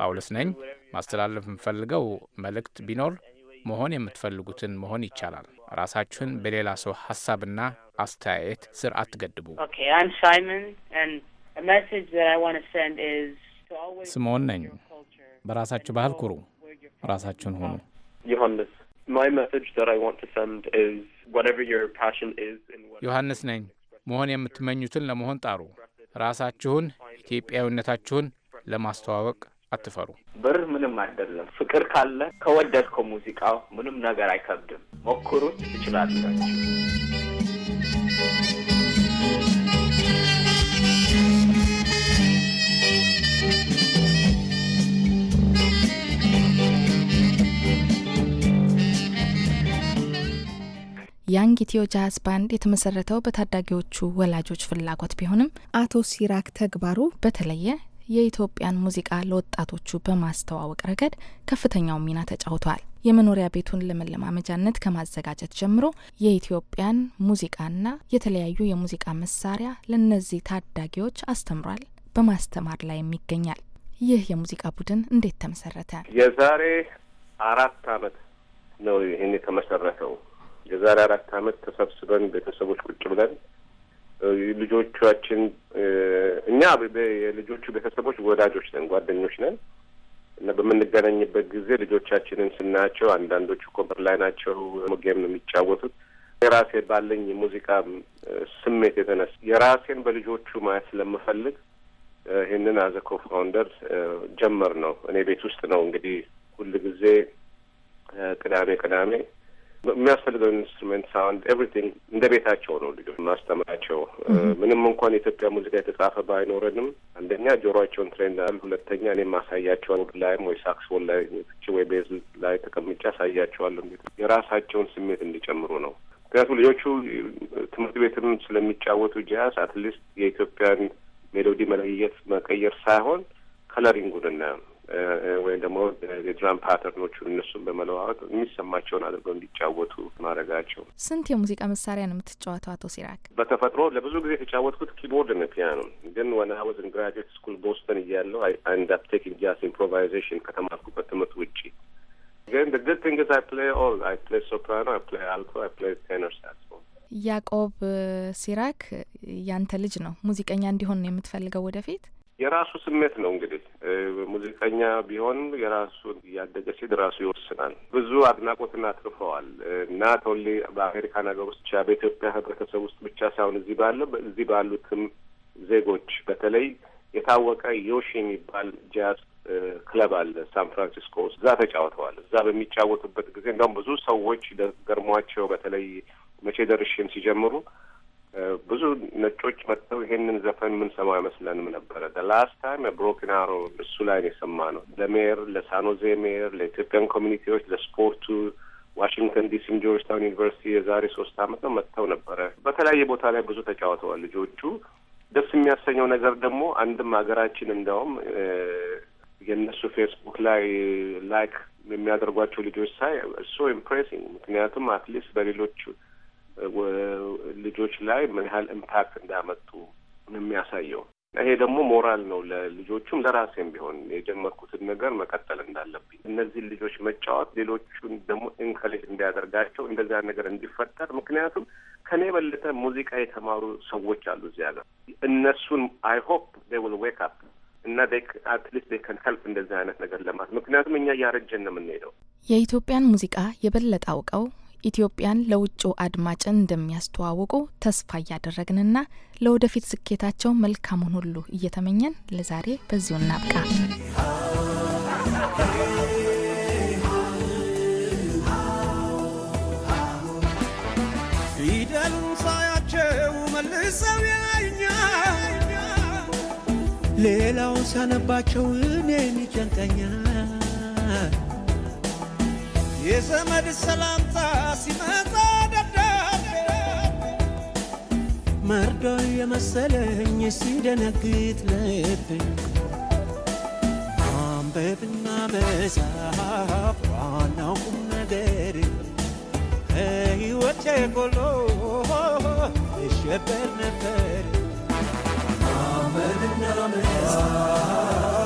ጳውሎስ ነኝ። ማስተላለፍ የምፈልገው መልእክት ቢኖር መሆን የምትፈልጉትን መሆን ይቻላል። ራሳችሁን በሌላ ሰው ሀሳብና አስተያየት ስር አትገድቡ። ስምዖን ነኝ። በራሳችሁ ባህል ኩሩ፣ ራሳችሁን ሁኑ። ዮሐንስ ዮሐንስ ነኝ። መሆን የምትመኙትን ለመሆን ጣሩ። ራሳችሁን ኢትዮጵያዊነታችሁን ለማስተዋወቅ አትፈሩ። ብር ምንም አይደለም። ፍቅር ካለ ከወደድከው ሙዚቃው ምንም ነገር አይከብድም። ሞክሩት፣ ትችላላችሁ። ያንግ ኢትዮ ጃዝ ባንድ የተመሰረተው በታዳጊዎቹ ወላጆች ፍላጎት ቢሆንም አቶ ሲራክ ተግባሩ በተለየ የኢትዮጵያን ሙዚቃ ለወጣቶቹ በማስተዋወቅ ረገድ ከፍተኛው ሚና ተጫውተዋል። የመኖሪያ ቤቱን ለመለማመጃነት ከማዘጋጀት ጀምሮ የኢትዮጵያን ሙዚቃና የተለያዩ የሙዚቃ መሳሪያ ለእነዚህ ታዳጊዎች አስተምሯል፣ በማስተማር ላይም ይገኛል። ይህ የሙዚቃ ቡድን እንዴት ተመሰረተ? የዛሬ አራት አመት ነው ይህን የተመሰረተው የዛሬ አራት አመት ተሰብስበን ቤተሰቦች ቁጭ ብለን ልጆቻችን እኛ የልጆቹ ቤተሰቦች ወዳጆች ነን፣ ጓደኞች ነን እና በምንገናኝበት ጊዜ ልጆቻችንን ስናያቸው አንዳንዶቹ ኮበር ላይ ናቸው፣ ሞጌም ነው የሚጫወቱት። የራሴ ባለኝ የሙዚቃ ስሜት የተነሳ የራሴን በልጆቹ ማየት ስለምፈልግ ይህንን አዘ ፋውንደር ጀመር ነው። እኔ ቤት ውስጥ ነው እንግዲህ ሁል ጊዜ ቅዳሜ ቅዳሜ የሚያስፈልገው ኢንስትሩሜንት ሳውንድ ኤቭሪቲንግ እንደ ቤታቸው ነው ልጆች ማስተምራቸው። ምንም እንኳን የኢትዮጵያ ሙዚቃ የተጻፈ ባይኖረንም አንደኛ ጆሮቸውን ትሬንድ አሉ፣ ሁለተኛ እኔም አሳያቸዋል ላይም ወይ ሳክስፎን ላይ ወይ ቤዝ ላይ ተቀምጬ አሳያቸዋለሁ። የራሳቸውን ስሜት እንዲጨምሩ ነው። ምክንያቱም ልጆቹ ትምህርት ቤትም ስለሚጫወቱ ጃዝ አትሊስት የኢትዮጵያን ሜሎዲ መለየት መቀየር ሳይሆን ከለሪንጉን እናየው ወይም ደግሞ የድራም ፓተርኖቹን እነሱን በመለዋወጥ የሚሰማቸውን አድርገው እንዲጫወቱ ማድረጋቸው። ስንት የሙዚቃ መሳሪያ ነው የምትጫወተው አቶ ሲራክ? በተፈጥሮ ለብዙ ጊዜ የተጫወትኩት ኪቦርድ ነው፣ ፒያኖ ግን ወን አይ ዋዝ ኢን ግራጁዌት ስኩል ቦስተን እያለሁ አንድ አፕቴክ ጃዝ ኢምፕሮቫይዜሽን ከተማርኩበት ትምህርት ውጭ ግን ግድ ንግስ አይ ፕሌይ ኦል አይ ፕሌይ ሶፕራኖ አይ ፕሌይ አልቶ አይ ፕሌይ ቴነር ሳክስፎን። ያዕቆብ ሲራክ ያንተ ልጅ ነው ሙዚቀኛ እንዲሆን ነው የምትፈልገው ወደፊት? የራሱ ስሜት ነው እንግዲህ ሙዚቀኛ ቢሆን የራሱ እያደገ ሲል ራሱ ይወስናል። ብዙ አድናቆትን አትርፈዋል እና ተወሊ በአሜሪካ ነገር ውስጥ ብቻ በኢትዮጵያ ህብረተሰብ ውስጥ ብቻ ሳይሆን እዚህ ባለ እዚህ ባሉትም ዜጎች በተለይ የታወቀ ዮሽ የሚባል ጃዝ ክለብ አለ ሳን ፍራንሲስኮ ውስጥ። እዛ ተጫውተዋል። እዛ በሚጫወቱበት ጊዜ እንዲሁም ብዙ ሰዎች ገርሟቸው በተለይ መቼ ደርሽም ሲጀምሩ ብዙ ነጮች መጥተው ይሄንን ዘፈን የምንሰማው አይመስለንም ነበረ። ላስት ታይም አሮ እሱ ላይ ነው የሰማ ነው። ለሜር ለሳኖዜ ሜር፣ ለኢትዮጵያን ኮሚኒቲዎች፣ ለስፖርቱ ዋሽንግተን ዲሲም ጆርጅ ታውን ዩኒቨርሲቲ የዛሬ ሶስት አመት ነው መጥተው ነበረ። በተለያየ ቦታ ላይ ብዙ ተጫውተዋል ልጆቹ። ደስ የሚያሰኘው ነገር ደግሞ አንድም ሀገራችን እንደውም የእነሱ ፌስቡክ ላይ ላይክ የሚያደርጓቸው ልጆች ሳይ ሶ ኢምፕሬሲንግ ምክንያቱም አትሊስት በሌሎቹ ልጆች ላይ ምን ያህል ኢምፓክት እንዳመጡ ነው የሚያሳየው። ይሄ ደግሞ ሞራል ነው ለልጆቹም ለራሴም ቢሆን የጀመርኩትን ነገር መቀጠል እንዳለብኝ እነዚህን ልጆች መጫወት ሌሎቹን ደግሞ ኢንከሬጅ እንዲያደርጋቸው እንደዚያ ነገር እንዲፈጠር ምክንያቱም ከኔ የበለጠ ሙዚቃ የተማሩ ሰዎች አሉ እዚህ ሀገር። እነሱን አይ ሆፕ ዴ ዊል ዌክ አፕ እና አትሊስት ዴ ከን ሄልፕ እንደዚህ አይነት ነገር ለማለት ምክንያቱም እኛ እያረጀን ነው የምንሄደው። የኢትዮጵያን ሙዚቃ የበለጠ አውቀው ኢትዮጵያን ለውጭ አድማጭን እንደሚያስተዋውቁ ተስፋ እያደረግንና ለወደፊት ስኬታቸው መልካሙን ሁሉ እየተመኘን ለዛሬ በዚሁ እናብቃ። ፊደሉን ሳያቸው መልሰው ያኛል፣ ሌላው ሳነባቸው እኔን ይጨንቀኛል። የዘመድ ሰላምታ ሲመጣ ደብዳቤ መርዶ የመሰለኝ ሲደነግጥ ልቤ ማንበብና መጻፍ ዋናው ቁም ነገር ሕይወቴ ጎሎ ይሸበር ነበር ማንበብና መጻፍ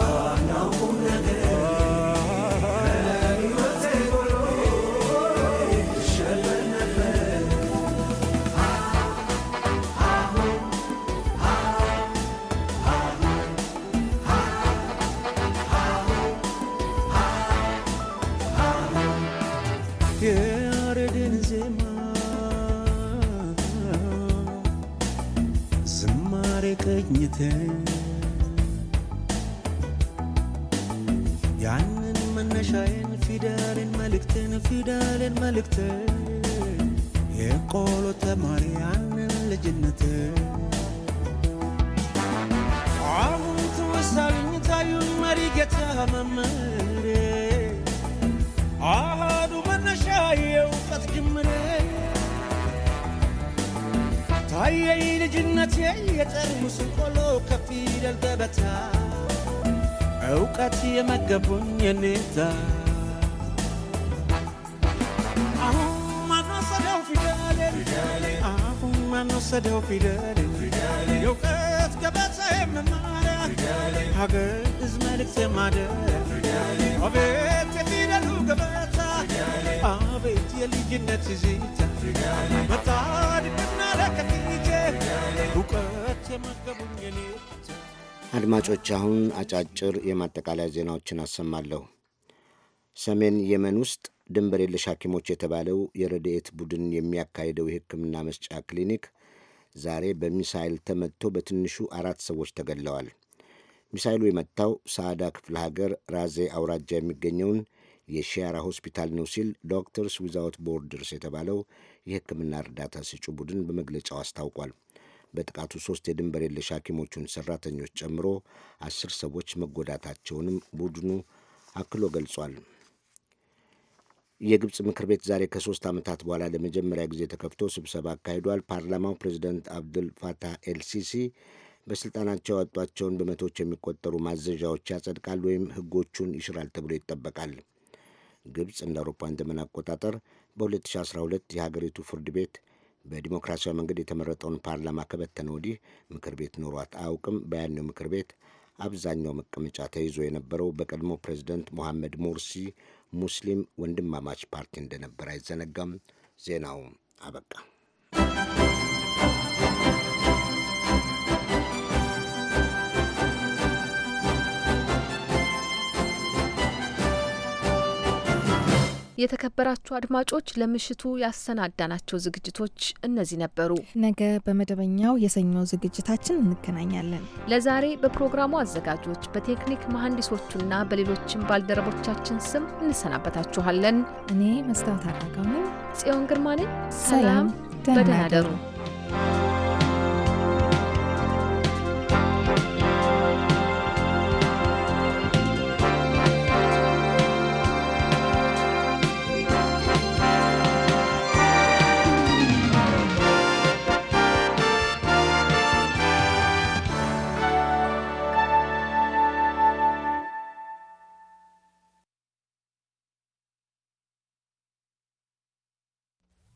ታርቀኝት ያንን መነሻዬን ፊደልን መልእክትን ፊደልን መልእክት የቆሎ ተማሪ ያንን ልጅነት አሁን ትወሳልኝ ታዩን መሪ ጌታ መምህሬ አሃዱ መነሻ የእውቀት ጅምሬ ታየኝ ልጅነቴ የጠርሙስ ቆሎ ከፊደል ገበታ እውቀት የመገቡኝ የኔታ አሁን ማንወሰደው ፊደል አሁን ማንወሰደው ፊደል የእውቀት ገበታ የምማረ ሀገር እዝ መልእክት የማደር አቤት የፊደሉ ገበታ አቤት የልጅነት ዚታ መጣ አድማጮች አሁን አጫጭር የማጠቃለያ ዜናዎችን አሰማለሁ። ሰሜን የመን ውስጥ ድንበር የለሽ ሐኪሞች የተባለው የረድኤት ቡድን የሚያካሂደው የሕክምና መስጫ ክሊኒክ ዛሬ በሚሳይል ተመትቶ በትንሹ አራት ሰዎች ተገድለዋል። ሚሳይሉ የመታው ሳዕዳ ክፍለ ሀገር ራዜ አውራጃ የሚገኘውን የሺያራ ሆስፒታል ነው ሲል ዶክተርስ ዊዛውት ቦርደርስ የተባለው የሕክምና እርዳታ ሰጪ ቡድን በመግለጫው አስታውቋል። በጥቃቱ ሶስት የድንበር የለሽ ሐኪሞቹን ሰራተኞች ጨምሮ አስር ሰዎች መጎዳታቸውንም ቡድኑ አክሎ ገልጿል። የግብፅ ምክር ቤት ዛሬ ከሶስት ዓመታት በኋላ ለመጀመሪያ ጊዜ ተከፍቶ ስብሰባ አካሂዷል። ፓርላማው ፕሬዚደንት አብዱል ፋታህ ኤልሲሲ በስልጣናቸው ያወጧቸውን በመቶዎች የሚቆጠሩ ማዘዣዎች ያጸድቃል ወይም ህጎቹን ይሽራል ተብሎ ይጠበቃል። ግብፅ እንደ አውሮፓን ዘመን አቆጣጠር በ2012 የሀገሪቱ ፍርድ ቤት በዲሞክራሲያዊ መንገድ የተመረጠውን ፓርላማ ከበተነ ወዲህ ምክር ቤት ኖሯት አያውቅም። በያኔው ምክር ቤት አብዛኛው መቀመጫ ተይዞ የነበረው በቀድሞ ፕሬዚደንት ሞሐመድ ሞርሲ ሙስሊም ወንድማማች ፓርቲ እንደነበር አይዘነጋም። ዜናው አበቃ። የተከበራችሁ አድማጮች ለምሽቱ ያሰናዳናቸው ዝግጅቶች እነዚህ ነበሩ። ነገ በመደበኛው የሰኞ ዝግጅታችን እንገናኛለን። ለዛሬ በፕሮግራሙ አዘጋጆች በቴክኒክ መሐንዲሶቹና በሌሎችም ባልደረቦቻችን ስም እንሰናበታችኋለን። እኔ መስታወት አድራጋሙ ጽዮን ግርማኔ፣ ሰላም በደህና ደሩ።